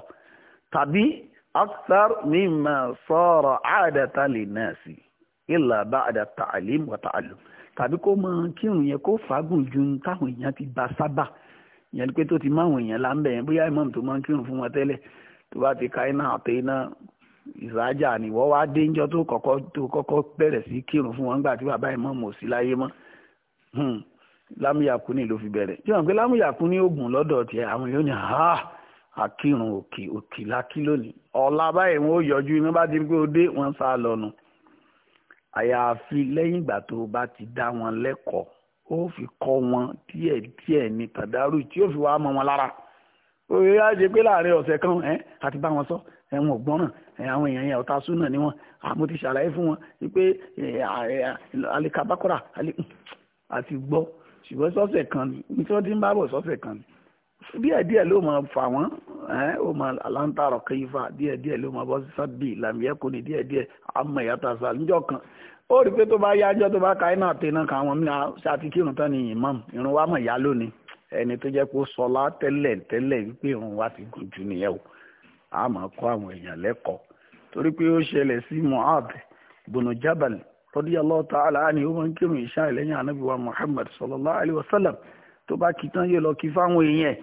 tàbí aksar mimma sara àdàtà lè náà sí ìlà bá àdàtà àlìm wa ta'allum tàbí kó mọ kírun yẹn kó fagún ju táwọn èèyàn ti bá sábà yẹn pé tó ti máwọn èèyàn láńbẹ̀ yẹn bóyá imam tó máa kírun fún wọn tẹ́lẹ̀ tó bá ti ka iná àtẹ iná ìsájà ni wọ́n wá dé ńjọ́ tó kọ́kọ́ tó kọ́kọ́ bẹ̀rẹ̀ sí kírun fún wọn nígbà tí bàbá ìmọ̀ mọ̀ sí láyé mọ́ hmm. lámúyàkú ni ló fi bẹ̀rẹ̀ tí wọ́n pé lámúyàkú ní oògùn lọ́dọ̀ tiẹ̀ àwọn yóò ní ha akírun òkè òkè lákí lónìí ọ̀la báyìí wọn ó yọjú iná bá ti pé ó dé wọn sá lọ́nu àyàfi lẹ́yìn ìgbà tó bá ti dá wọn lẹ́kọ̀ọ́ ó fi kọ́ wọn díẹ̀ díẹ̀ ní tàdárù tí ó fi wá mọ́ wọn lára òye á ṣe pé láàrin ọ̀sẹ̀ kan ẹ àti bá wọn sọ ẹ̀wọ̀n ògbọ́nràn àwọn èèyàn yẹn ọ̀tá súnà ni wọ́n àmọ́ ti ṣàlàyé fún wọn wípé alikabakora àti gbọ́ ṣùgbọ́n sọ́sẹ̀ kan ni ní tí wọ́n ti ń bá bọ̀ sọ́sẹ̀ kan ni díẹ̀ díẹ̀ ló máa fà wọ́n ẹ́ ó máa aláǹtarọ̀ kẹfà díẹ̀ díẹ̀ ló máa bọ́ sí sábì làmìyẹ́kọ ni díẹ̀ díẹ̀ àmọ̀ ìyàtọ̀ àṣà níjọ́ kan ó rí i pé tó bá yájọ́ tó bá ka iná àtẹnà kan àwọn mìíràn ṣàfikírun tán ni imam irun wa mọ̀ ìyá lónìí ẹni tó jẹ́ pé ó sọlá tẹ́lẹ̀ tẹ́lẹ̀ wípé irun wa ti gùn jù nìyẹn o a kọ́ àwọn èèyàn lẹ́kọ̀ọ́ torí pé ó ṣẹlẹ̀ sí mu'ad bùnú jabal radiyallahu ta'ala anhu ó máa ń kírun ìṣá ìlẹ́yìn ànábì wa muhammad sallallahu alayhi wa sallam tó bá kí tán yóò lọ kí fáwọn èèyàn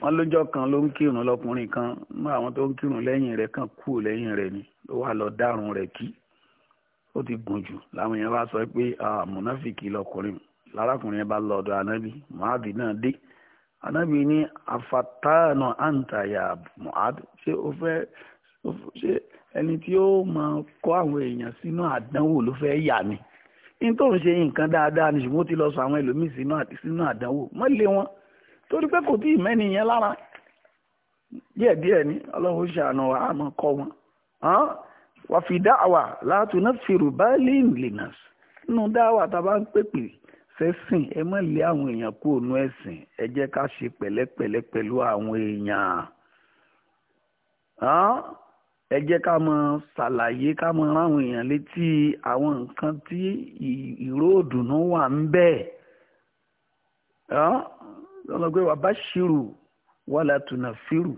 wọn lọ́jọ́ kan ló ń kírun lọkùnrin kan mú àwọn tó ń kírun lẹ́yìn rẹ̀ kan kú lẹ́yìn rẹ̀ ni ló wà lọ dárun rẹ̀ kí ó ti gùn jù làwọn èèyàn bá sọ pé mùnáfìkì lọkùnrin lárakùnrin yẹn bá lọ ọ̀dọ̀ ànábì mu'ad náà dé ànábì ní afatana anta ya ṣé o fẹ́ ṣé ẹni tí ó máa kọ́ àwọn èèyàn sínú àdánwò ló fẹ́ yà mí nítorí ṣe nǹkan dáadáa ni ṣùgbọ́n ó ti lọ sọ àwọn ẹlòmíì sínú àdánwò mọ́ lé wọn torí pé kò tí ì mẹ́ni yẹn lára díẹ̀ díẹ̀ ni ọlọ́run ṣàánú wa àmọ́ kọ́ wọn wà fi dáwà látúná fìrù báálí ìlìnàs nínú dáwà tá a bá ń pèpè sẹ́sìn ẹ má lé àwọn èèyàn kú ònú ẹ̀sìn ẹ jẹ́ ká ṣe pẹ̀lẹ́pẹ̀lẹ́ pẹ̀lú àwọn èèyàn ẹ jẹ́ ká mọ ṣàlàyé ká mọ ráwọn èèyàn létí àwọn nǹkan tí ìró òdùnnú wà ń bẹ̀ lọ́nà pé wàá bá ṣírù wà látùnà fírù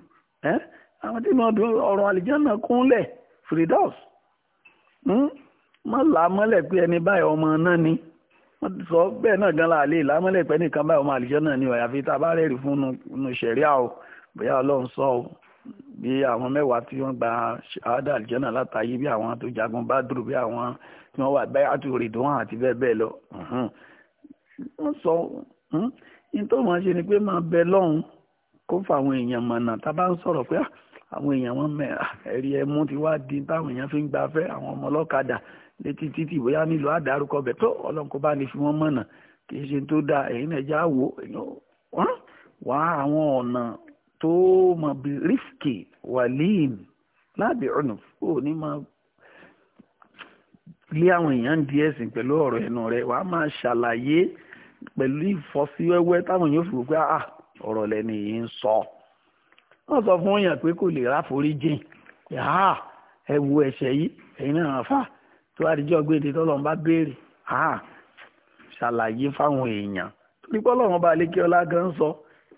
àwọn tí mo dún ọ̀rọ̀ àlìjánà kúnlẹ̀ fridaus mọ́ hm? làámọ́lẹ̀ pé ẹni báyìí ọmọ náà ni wọ́n ti sọ bẹ́ẹ̀ náà gan láàlè làámọ́lẹ̀ pé ẹnìkan báyìí ọmọ àlìjánà ni ọ̀yàfi tá a bá rẹ́rìí fún un ṣẹ̀ríà o bóyá ọlọ́run sọ ọ́ bí àwọn mẹ́wàá tí wọ́n gba ṣáádà àlìjẹ́nà látàyè bí àwọn tó jagun bádùrù bí àwọn tí wọ́n wà báyàtú rìdùn àti bẹ́ẹ̀ bẹ́ẹ̀ lọ. wọ́n sọ yín tó máa ṣe ni pé máa bẹ lọ́hùn kó fa àwọn èèyàn mọ̀nà tá a bá ń sọ̀rọ̀ pé ah, àwọn èèyàn wọn mẹ́ra ah, ẹ̀rí ẹmú ti wá di táwọn èèyàn fi ń gbafẹ́ àwọn ọmọ ọlọ́kadà létí títì bóyá nílò àdárúkọ bẹ̀ tó ọlọ́nkọ bá ní fi wọ́n mọ̀nà kì í ṣe tó dáa èyí náà já wò wá àwọn ọ̀nà tó máa bi rifki wàlíìn láàbì ọ̀nà ò ní ma lé àwọn èèyàn díẹ̀ ẹ̀sìn pẹ̀lú ọ̀rọ̀ ẹnu rẹ̀ wàá máa ṣàlàyé pẹ̀lú ìfọ́síwẹ́wẹ́ táwọn èèyàn fi wò ah ọ̀rọ̀ lẹ́ni yìí ń sọ. wọ́n sọ fún èèyàn pé kò lè ráforíjìn pé ah ẹ wo ẹ̀ṣẹ̀ yìí ẹ̀yin náà fà tó àdìjọ́ gbèdé tọ́lọ́run bá béèrè ah ṣàlàyé fáwọn èèyàn torí pé ọlọ́run bá lékè ọlá gan sọ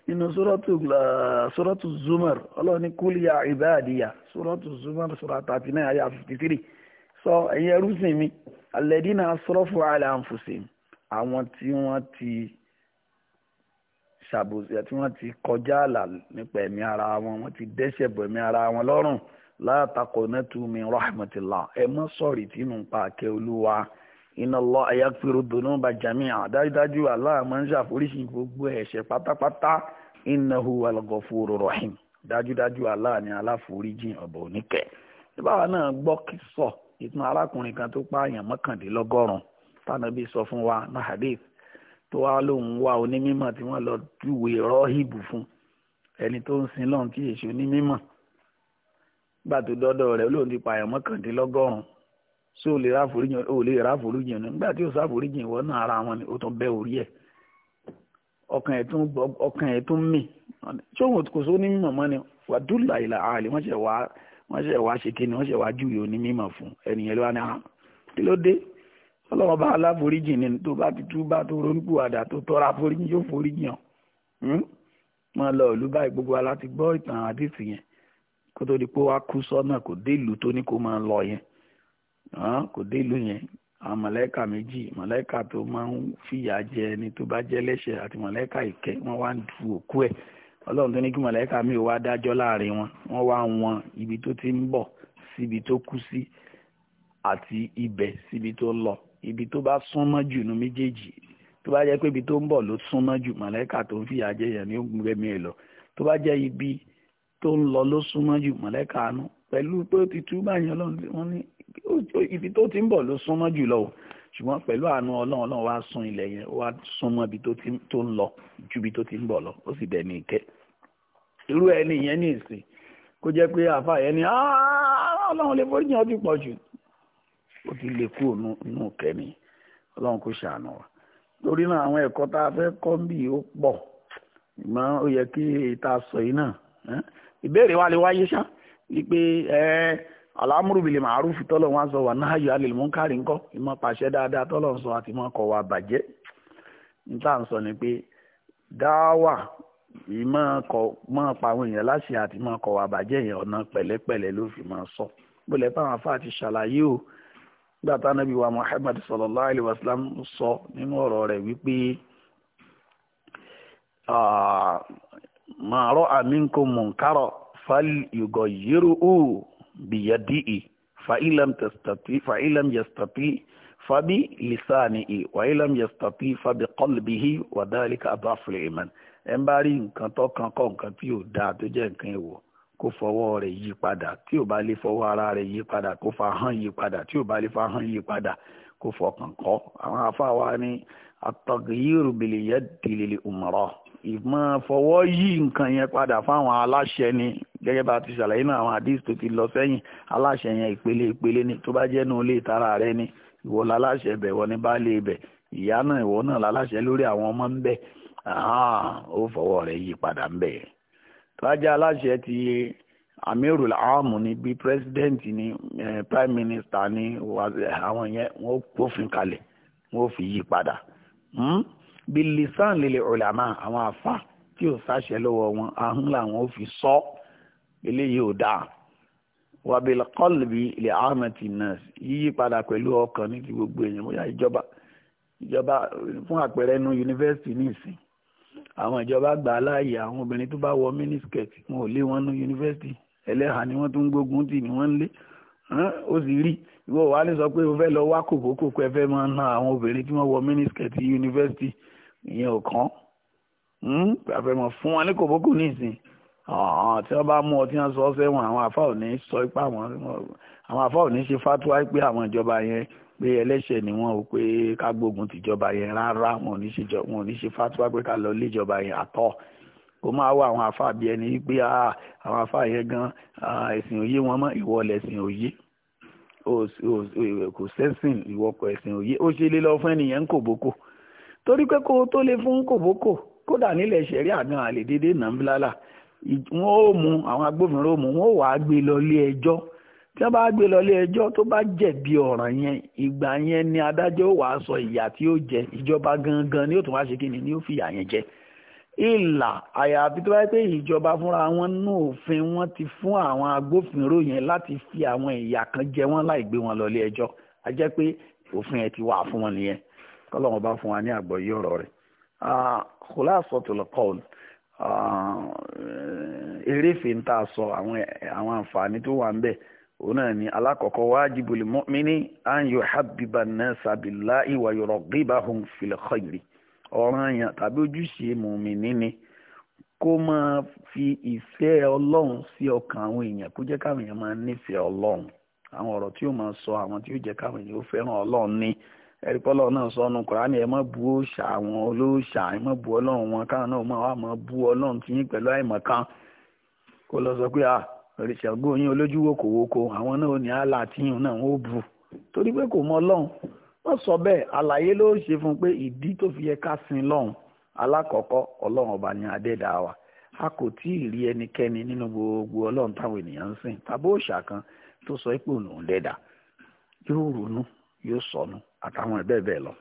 nínú sọ́rọ́tù uh, zumar ọlọ́run ní kúlíà ìbáàdìyà sọ́rọ́tù zumar sọ́rọ́ thirty nine àyà fifty three sọ ẹ̀yin ẹrú mi alẹ́dínà sọ́rọ́fù àlà ànfùsìn àwọn tí wọ́n ti ṣàbòsí àti wọ́n ti kọjá àlà nípa ẹ̀mí ara wọn wọ́n ti dẹ́ṣẹ̀ bọ̀ ẹ̀mí ara wọn lọ́rùn látàkọ̀ nẹ́tùmí rahmatillah ẹ mọ́ sọ̀rì tínú pa olúwa inna Allaha yaghfiru dhunuba jami'a dájúdájú Allah máa ń ṣàforíṣi gbogbo ẹ̀ṣẹ̀ pátápátá innahu wal ghafuru rahim dájúdájú Allah ni aláforíjì ọ̀bọ̀ oníkẹ́ ìbáwa náà gbọ́ kí sọ ìtàn arákùnrin kan tó pààyàn mọ́kàndínlọ́gọ́rùn-ún tánàbí sọ fún wa ní hadith tó wá lóun wá onímọ̀ tí wọ́n lọ júwe rọ́hìbù fún ẹni tó ń sin lọ́run tí èṣù onímọ̀ gbà tó dọ́dọ̀ rẹ̀ lóun ti pààyàn mọ́kàndínlọ́gọ́rùn-ún ṣé o lè ra àforíjìn o lè ra àforíjìn ọ̀nà nígbà tí o sá àforíjìn ìwọ náà ara wọn ni o tún bẹ́ orí ẹ̀ ọkàn ẹ̀ tún ọkàn ẹ̀ tún mì ṣóhun kò só ní mímọ̀ mọ́ ni wà dúlà ìlà àlè wọ́n ṣẹ̀ wá wọ́n ṣẹ̀ wá ṣe kíni wọ́n ṣẹ̀ wá júwe oní mímọ̀ fún ẹnìyẹn ló wá ní àwọn ah, kí ló dé ọlọ́run bá aláforíjìn ni tó bá ti tú bá tó ronúpìwàdà tó tọ́ra àforíjìn yóò foríjìn ọ̀ hmm? máa lọ ìlú báyìí gbogbo wa láti gbọ́ ìtàn àdìsí yẹn kó tó di pé wá kú sọ́nà kò dé ìlú tó ní kó máa lọ yẹn kò dé ìlú yẹn àwọn mọ̀lẹ́kà méjì mọ̀lẹ́kà tó máa ń fìyà jẹ ẹni tó bá jẹ́ lẹ́ṣẹ̀ àti mọ̀lẹ́kà ìkẹ́ wọ́n wá ń du òkú ẹ̀ ọlọ́run tó ní kí mọ̀lẹ́kà mi ò wá dájọ́ láàrin wọn wọ́n wá wọn ibi tó ti ń bọ̀ síbi tó kú sí àti ibẹ̀ síbi tó lọ ibi tó bá súnmọ́ jù nu méjèèjì tó bá jẹ́ pé ibi tó ń bọ̀ ló súnmọ́ jù mọ̀lẹ́kà tó ń fìyà jẹ yẹn ní ògùn rẹ̀mí ẹ̀ lọ tó bá jẹ́ ibi tó ń lọ ló súnmọ́ jù mọ̀lẹ́kà pẹ̀lú pé ó ti tú báyìí ọlọ́run wọn ní ibi tó ti ń bọ̀ ló súnmọ́ jùlọ o ṣùgbọ́n pẹ̀lú àánú ọlọ́run ọlọ́run wá sun ilẹ̀ yẹn wá súnmọ́ ibi tó ń lọ ju ibi tó ti ń bọ̀ lọ ó sì dẹ̀ni ìkẹ́ irú ẹni yẹn ní ìsìn kó jẹ́ pé àfa yẹn ni ọlọ́run lè forí yẹn ó ti pọ̀ jù ó ti lè kú inú kẹ́ni ọlọ́run kò ṣàánú wa torí náà àwọn ẹ̀kọ́ tá a fẹ́ kọ́ bí ó pọ̀ ìmọ̀ ó yẹ kí ìta sọ yìí náà ìbéèrè wa lè wáyé ṣáá wípé ẹ alámúrù bìlì maaru tọ́lọ̀ wa sọ wa náà yọ alẹ́ mọ́ kárí ńkọ́ pàṣẹ dáadáa tọ́lọ̀ sọ àti mọ́ kọ̀ wa níta ń ni pé dáwà ìmọ̀ kọ̀ mọ́ pa àwọn èèyàn láṣẹ àti mọ́ kọ̀ wa bàjẹ́ yẹn ọ̀nà pẹ̀lẹ́pẹ̀lẹ́ ló fi máa sọ bólẹ̀ fáwọn afá ati ṣàlàyé o nígbà wa wa sọ nínú ọ̀rọ̀ rẹ̀ wípé falyughayyirhu biyadihi fa'ilam tastati fa'ilam yastati fabi lisanihi wa'ilam yastati fabi qalbihi wa dhalika adhafu al-iman ẹ̀ ń bá rí nǹkan tó kan kọ́ nǹkan tí ò dáa tó jẹ́ nǹkan èèwọ̀ kó fọwọ́ rẹ̀ yí padà tí ò bá lè fọwọ́ ara rẹ̀ yí padà kó fa hàn yí padà tí ò bá lè fa hàn yí padà kó fọkàn kọ́ àwọn afáwa ni àtọ̀gìyìrù bìlìyẹ́ dìlìlì òmùrọ̀ ìmọ̀ fọwọ́ yí nǹkan yẹn padà fáwọn aláṣẹ ni gẹ́gẹ́ bá a ti ṣàlàyé náà àwọn hadith tó ti lọ sẹ́yìn aláṣẹ yẹn ìpele ìpele ni tó bá jẹ́ nu ilé ìtara rẹ ni ìwọ láláṣẹ ibẹ̀ ìwọ ní baálé ibẹ̀ ìyá náà ìwọ náà láláṣẹ lórí àwọn ọmọ ń bẹ ó fọwọ́ rẹ̀ yí padà ń bẹ. tó bá jẹ́ aláṣẹ ti amirul amu ni bíi president ni prime minister ni àwọn yẹn wọ́n kófin kalẹ̀ wọ́n fi yí padà. Hmm? bí lisan lè lè ọ̀làmà àwọn àfa tí ò sáṣẹ lọ́wọ́ wọn ahun làwọn ò fi sọ eléyìí ò dáa wàbílà kọ́lùbí ilẹ̀ ahmed nas yíyí padà pẹ̀lú ọkàn ní ti gbogbo èèyàn bóyá ìjọba ìjọba fún àpẹẹrẹ inú yunifásitì nìsín àwọn ìjọba gbà á láàyè àwọn obìnrin tó bá wọ mínísíkẹ̀tì wọn ò lé wọn nú yunifásitì ẹlẹ́hà ni wọ́n tún ń gbógun tì ní wọ́n ń lé ó sì rí ìwọ wàá lè sọ pé o fẹ́ lọ wá kòkókò pé ẹ fẹ́ máa na àwọn obìnrin tí wọ́n wọ mínísíkẹ̀tì yunifásitì ìyẹn ò kàn án àfẹ́mọ̀ fún wọn ní kòkókò nìsín ọ̀hán ah, tí wọ́n bá mú ọtí wọn sọ sẹ́wọ̀n àwọn àfa ò ní sọ ipá wọn àwọn àfa ò ní ṣe fatuwa pé àwọn ìjọba yẹn pé ẹlẹ́ṣẹ̀ ni wọ́n ò pé ká gbógun tìjọba yẹn rárá wọn ò ní ṣe wọn ò ní ṣe fatuwa pé ká lọ lé ìjọba yẹn àtọ́ kó máa wá àwọn àfa bíi ẹni pé àwọn àfa yẹn gan ẹ̀sìn òye wọn mọ́ ìwọ lẹ̀sìn òye kò sẹ́sìn ìwọkọ̀ ẹ̀sìn òye ó ṣe lé lọ fún ẹnìyẹn ń kòbókò torí pé kó tó lè fún kòbókò kódà nílẹ̀ ṣẹ̀rí àgàn àlè déédéé nàá ńlá wọ́n ó mú àwọn agbófinró mú wọ́n ó wàá gbé lọ ilé ẹjọ́ tí wọ́n bá gbé lọ ilé ẹjọ́ tó bá jẹ̀bi ọ̀ràn yẹn ìgbà yẹn ni adájọ́ ó wàá sọ ìyà tí ó jẹ ìjọba gangan ni ó tún wá ṣe kí ni ni ó fìyà yẹn jẹ ìlà àyàfi tó bá yẹ pé ìjọba fúnra wọn nú òfin wọn ti fún àwọn agbófinró yẹn láti fi àwọn ìyà kan jẹ wọn láì gbé wọn lọ ilé ẹjọ́ a jẹ́ pé òfin ẹ ti wà fún wọn nìyẹn kọ́lọ́wọ́n bá fún wa ní àgbọ́yé ọ̀rọ̀ rẹ̀ kò láàsọ̀tò lọ́kọ́ọ̀lù Ah, eréfèé ń tà sọ àwọn àǹfààní tó wà ń bẹ̀ òun náà ni alákọ̀ọ́kọ́ wajibul mu'mini an yuhabbiba an-nasa billahi wa yurghibahum fil khayri ọ̀ranyàn tàbí ojúṣe mùmìnì ni kó máa fi ìfẹ́ ọlọ́run sí ọkàn àwọn èèyàn kó jẹ́ káwọn èèyàn máa nífẹ̀ẹ́ ọlọ́run àwọn ọ̀rọ̀ tí ó máa sọ àwọn tí ó jẹ́ káwọn èèyàn ó fẹ́ràn ọlọ́run ní ẹ̀rí pọ́lọ́ náà sọnù kùránì ẹ má bu òòṣà àwọn olóòṣà ẹ má bu ọlọ́run wọn káwọn náà máa wà má bu ọlọ́run tí yín pẹ̀lú àìmọ̀ kan kó lọ sọ pé à ìṣẹ́gun yín olójú wo kò woko àwọn náà ò ní àlà àtìyàn náà ó bu torí pé kò mọ ọlọ́run wọ́n sọ bẹ́ẹ̀ àlàyé ló ṣe fún pé ìdí tó fi yẹ ká sin lọ́hùn alákọ̀ọ́kọ́ ọlọ́run ọba ni adẹ́dàá a kò tí ì rí ẹnikẹ́ni nínú gbogbo ọlọ́run táwọn ènìyàn ń sìn tàbí òòṣà kan tó sọ pé òun yóò ronú yóò sọnù àtàwọn ẹ̀bẹ́ẹ̀ bẹ́ẹ̀ lọ.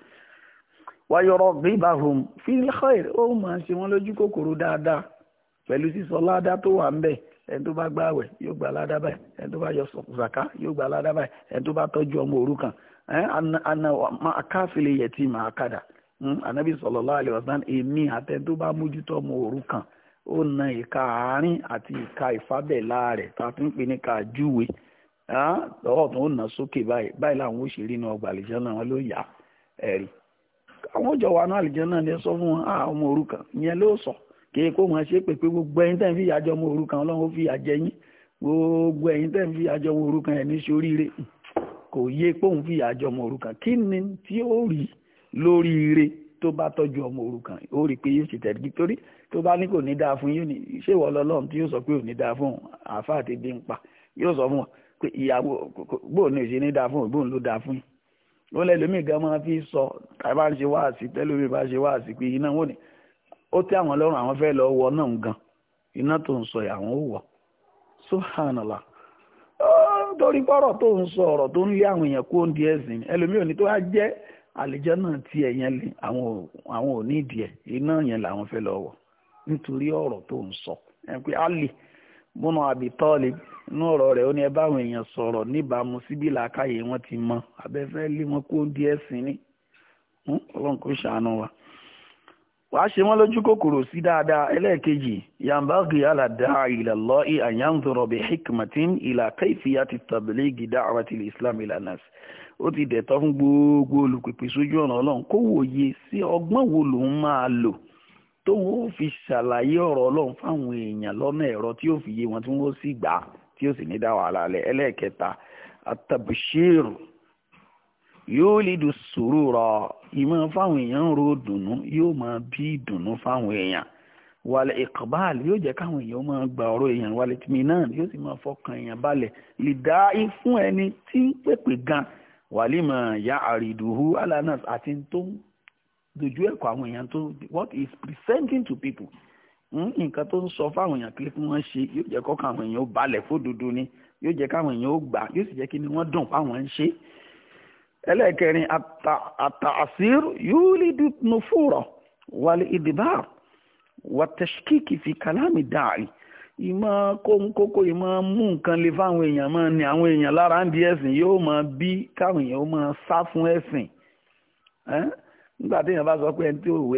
wáyọ̀rọ̀ gbígbàhùn fílẹ̀ ẹ̀ ó máa ṣe wọ́n lójú kòkòrò dáadáa pẹ̀lú sísọ ládá tó wà ń bẹ̀ ẹni tó bá gbààwẹ̀ yóò gbà ládá báyìí ẹni tó bá yọ sàká yóò gbà ládá báyìí ẹni tó bá tọ́jú ọmọ òrukàn akáfìlẹ̀ yẹtì máa kàdà anabi sallallahu alaihi wasallam èmi àtẹni tó bá mójútó ọmọ òrukàn ó na ìka àárín àti ìka ìfábẹ́lá rẹ̀ tá a ti ń pè ní ká júwe lọ́wọ́ tó ń nà sókè báyìí báyìí làwọn ó ṣe rí inú ọgbà àlìjẹ́ náà wọn ló yà ẹ̀rí àwọn òjò wà náà àlìjẹ́ náà ni ẹ sọ fún wọn àwọn ọmọ òrukàn ìyẹn ló sọ kéè kó wọn ṣe pèpè gbogbo ẹ̀yin tẹ́ ń fi ìyà jẹ ọmọ òrukàn ọlọ́run ó fi ìyà jẹ yín gbogbo ẹ̀yin tẹ́ ń fi ìyà jẹ ọmọ òrukàn ẹ̀ ní soríire kò yé póun fi ìyà jẹ ọmọ òrukàn kí ni tí ó rí lórí ire tó bá tọ́jú ọmọ òrukàn ó rí pé yóò ṣe tẹ̀lé torí tó bá ní kò ní dáa fún yóò ní ṣèwọ́ ọlọ́run tí yóò sọ pé ò ní dáa fún àáfàá àti bí ń pa yóò sọ fún wọn pé ìyàwó bóun ní da dáa fún òbóun ló dáa fún yìí ó lẹ́ lómi gan máa fi sọ tàbá ń ṣe wáàsí tẹ́lómi bá ṣe wáàsí pé iná wò ní ó tẹ́ àwọn lọ́rùn àwọn fẹ́ lọ wọ náà gan iná tó ń sọ àwọn ò wọ̀ subhanallah torí pọ́rọ̀ tó ń sọ ọ̀rọ̀ tó ń lé àwọn èèyàn kó ń di ẹ̀sìn ẹlòmíì òní tó wá jẹ́ àlejò náà ti ẹ̀yẹn lé àwọn ò ní ìdí ẹ̀ iná yẹn làwọn fẹ́ lọ wọ̀ nítorí ọ̀rọ̀ tó ń sọ ẹ̀ pé Ali bùnà àbí Talib inú ọ̀rọ̀ rẹ̀ ó ní ẹ báwọn èèyàn sọ̀rọ̀ níbàámu síbí làákàyè wọn ti mọ abẹ́fẹ́ lé wọn kó díẹ̀ sí ni ọlọ́run kò ṣàánú wa. wàá ṣe wọ́n lójú kòkòrò sí dáadáa ẹlẹ́ẹ̀kejì yambagi aladaha ilalọ́ àyànzọ̀rọ̀ bẹ̀ hikmatin ìlà kẹ́fìyà ti tàbílẹ̀ gidá àwọn islam ìlànà ó ti dẹ̀tọ́ fún gbogbo olùpèpè sójú ọ̀nà ọlọ́run kó wòye sí ọgbọ́n wo lòun máa lò tóun ó fi ṣàlàyé ọ̀rọ̀ ọlọ́run fáwọn èèyàn lọ́nà ẹ̀rọ tí ó fi yé wọn tí wọ́n sì gbà á tí ó sì ní dá wàhálà alẹ́ ẹlẹ́ẹ̀kẹta àtàbùṣírù yóò lídu sùúrù rọ ìmọ̀ fáwọn èèyàn ń ro dùnú yóò máa bí ìdùnnú fáwọn èèyàn wàlẹ̀ ìkọ̀báàlì yóò jẹ́ káwọn èèyàn máa gba ọ̀rọ̀ èèyàn wàlẹ̀ tìmí náà yóò sì máa fọkàn èèyàn balẹ̀ lè dá ẹni tí ń pèpè gan wàlímọ̀ ya àrídùhù alanas àti tó dojú ẹ̀kọ́ àwọn èèyàn tó what is presenting to people Hmm, nǹkan tó ń sọ fáwọn èèyàn pé kí wọ́n ṣe yóò jẹ́ kọ́kàn àwọn èèyàn ó balẹ̀ fódodo ni yóò jẹ́ káwọn èèyàn ó gbà yóò sì jẹ́ kí ni wọ́n dùn fáwọn ń ṣe. ẹlẹ́ẹ̀kẹrin àtàṣír yóò lè dùnú fúrọ̀ wàlẹ̀ ìdìbà wàtẹ̀ṣkìkì fi kàlámì dàrí ìmọ̀ kóńkókó ìmọ̀ mú nǹkan lè fáwọn èèyàn máa ní àwọn èèyàn lára ń di ẹ̀sìn yóò máa bí káwọn èèyàn ó máa sá fún ẹ̀sìn nígbà téèyàn bá sọ pé ẹni tí òwe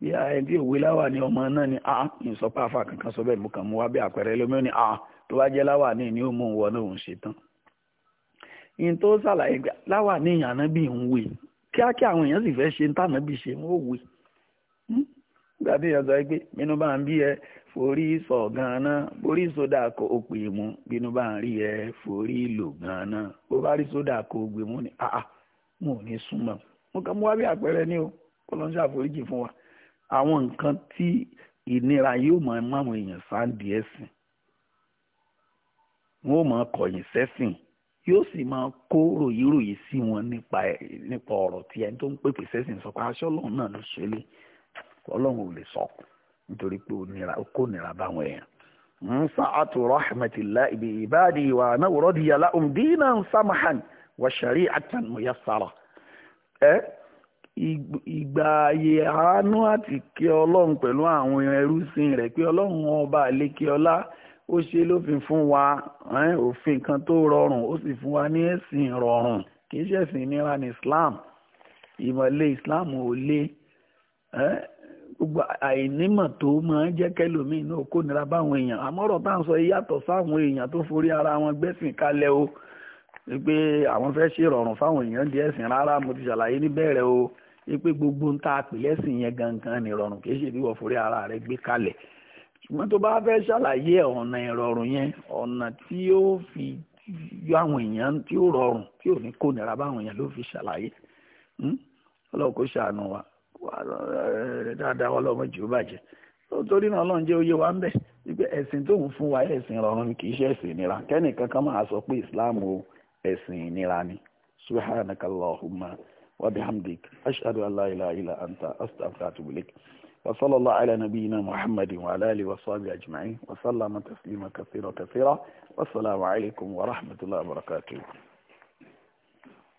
bí ẹni tí òwe láwà ní ọmọ náà ni a ah, ní sọ pé àfa kankan sọ bẹ́ẹ̀ mú kàn mú wá bí àpẹẹrẹ lómi ó ní a ah, tó bá jẹ́ láwà ní ìní òmùn wọ náà òun ṣe tán in tó ṣàlàyé gbà láwà ní ìyànà bí ń wè kíákíá àwọn èèyàn sì fẹ́ ṣe ń tànà bí ṣe ń ó wè hmm? nígbà tí èèyàn sọ pé bínú bá ń bí ẹ forí sọ ganan borí sódà kó pè mú bínú bá ń rí ẹ forí lò ganan bó bá rí sódà kó gbé mú ni àà ah, mo ò ní súnmọ́ mo kàn mú wá bí àpẹẹrẹ ní o kó ló ṣàforíjì fún wa àwọn nǹkan tí ìnira yóò mọ máwọn èèyàn sáǹdì ẹ̀sìn wọn ò mọ kọ̀yìn sẹ́sìn yóò sì máa kó ròyìnròyìn sí wọn nípa nípa ọ̀rọ̀ tí ẹni tó ń pèpè sẹ́sìn sọ pé aṣọ ọlọ́run náà ló ṣe lé ọlọ́run ò lè sọ nítorí pé ó kó nira báwọn èèyàn wa ana uradiya lahum dinan ìgbà ààyè àánú àti kí ọlọ́run pẹ̀lú àwọn ẹrúsìn rẹ̀ pé ọlọ́run ọba àlékè ọlá ó ṣe lófin fún wa òfin kan tó rọrùn ó sì fún wa ní ẹ̀sìn rọrùn kì í ṣẹ̀sìn nira ní Islam ìmọ̀lẹ̀ Islam ò lé gbogbo àìnímọ̀ tó máa ń jẹ́ kẹlòmíín náà kó nira báwọn èèyàn àmọ́rọ̀ tá à ń sọ yàtọ̀ sáwọn èèyàn tó forí ara wọn gbẹ́sìn kalẹ̀ o wípé àwọn fẹ́ ṣe ìrọ̀rùn fáwọn èèyàn di ẹ̀sìn rárá mo ti ṣàlàyé níbẹ̀rẹ̀ o wípé gbogbo ń ta àpìlẹ́sìn yẹn gangan ni ìrọ̀rùn kì í ṣe bí wọ́n forí ara rẹ̀ gbé kalẹ̀ ṣùgbọ́n tó bá fẹ́ ṣàlàyé ọ̀nà ìrọ̀rùn yẹn ọ̀nà tí ó fi yọ àwọn èèyàn tí ó rọrùn tí ò ní kó nira báwọn èèyàn ló fi ṣàlàyé hmm? ọlọ́run kò ṣàánú wa dáadáa wọn lọ́mọ jù ú bàjẹ́ torí náà ọlọ́run jẹ́ oyé wa ń bẹ̀ ẹ̀sìn tóun fún wa ẹ̀sìn rọrùn kì í ṣe ẹ̀sìn nira kẹ́nìkan kan máa sọ pé ìsìláàmù o ẹ̀sìn ìnira ni subhanaka allahumma wa bihamdik ashhadu an la ilaha illa anta astaghfiruka wa atubu ilaik wa sallallahu ala nabiyyina muhammadin wa ala alihi wa sahbihi ajma'in wa sallama taslima kathira kathira wa assalamu alaikum wa rahmatullahi wa barakatuh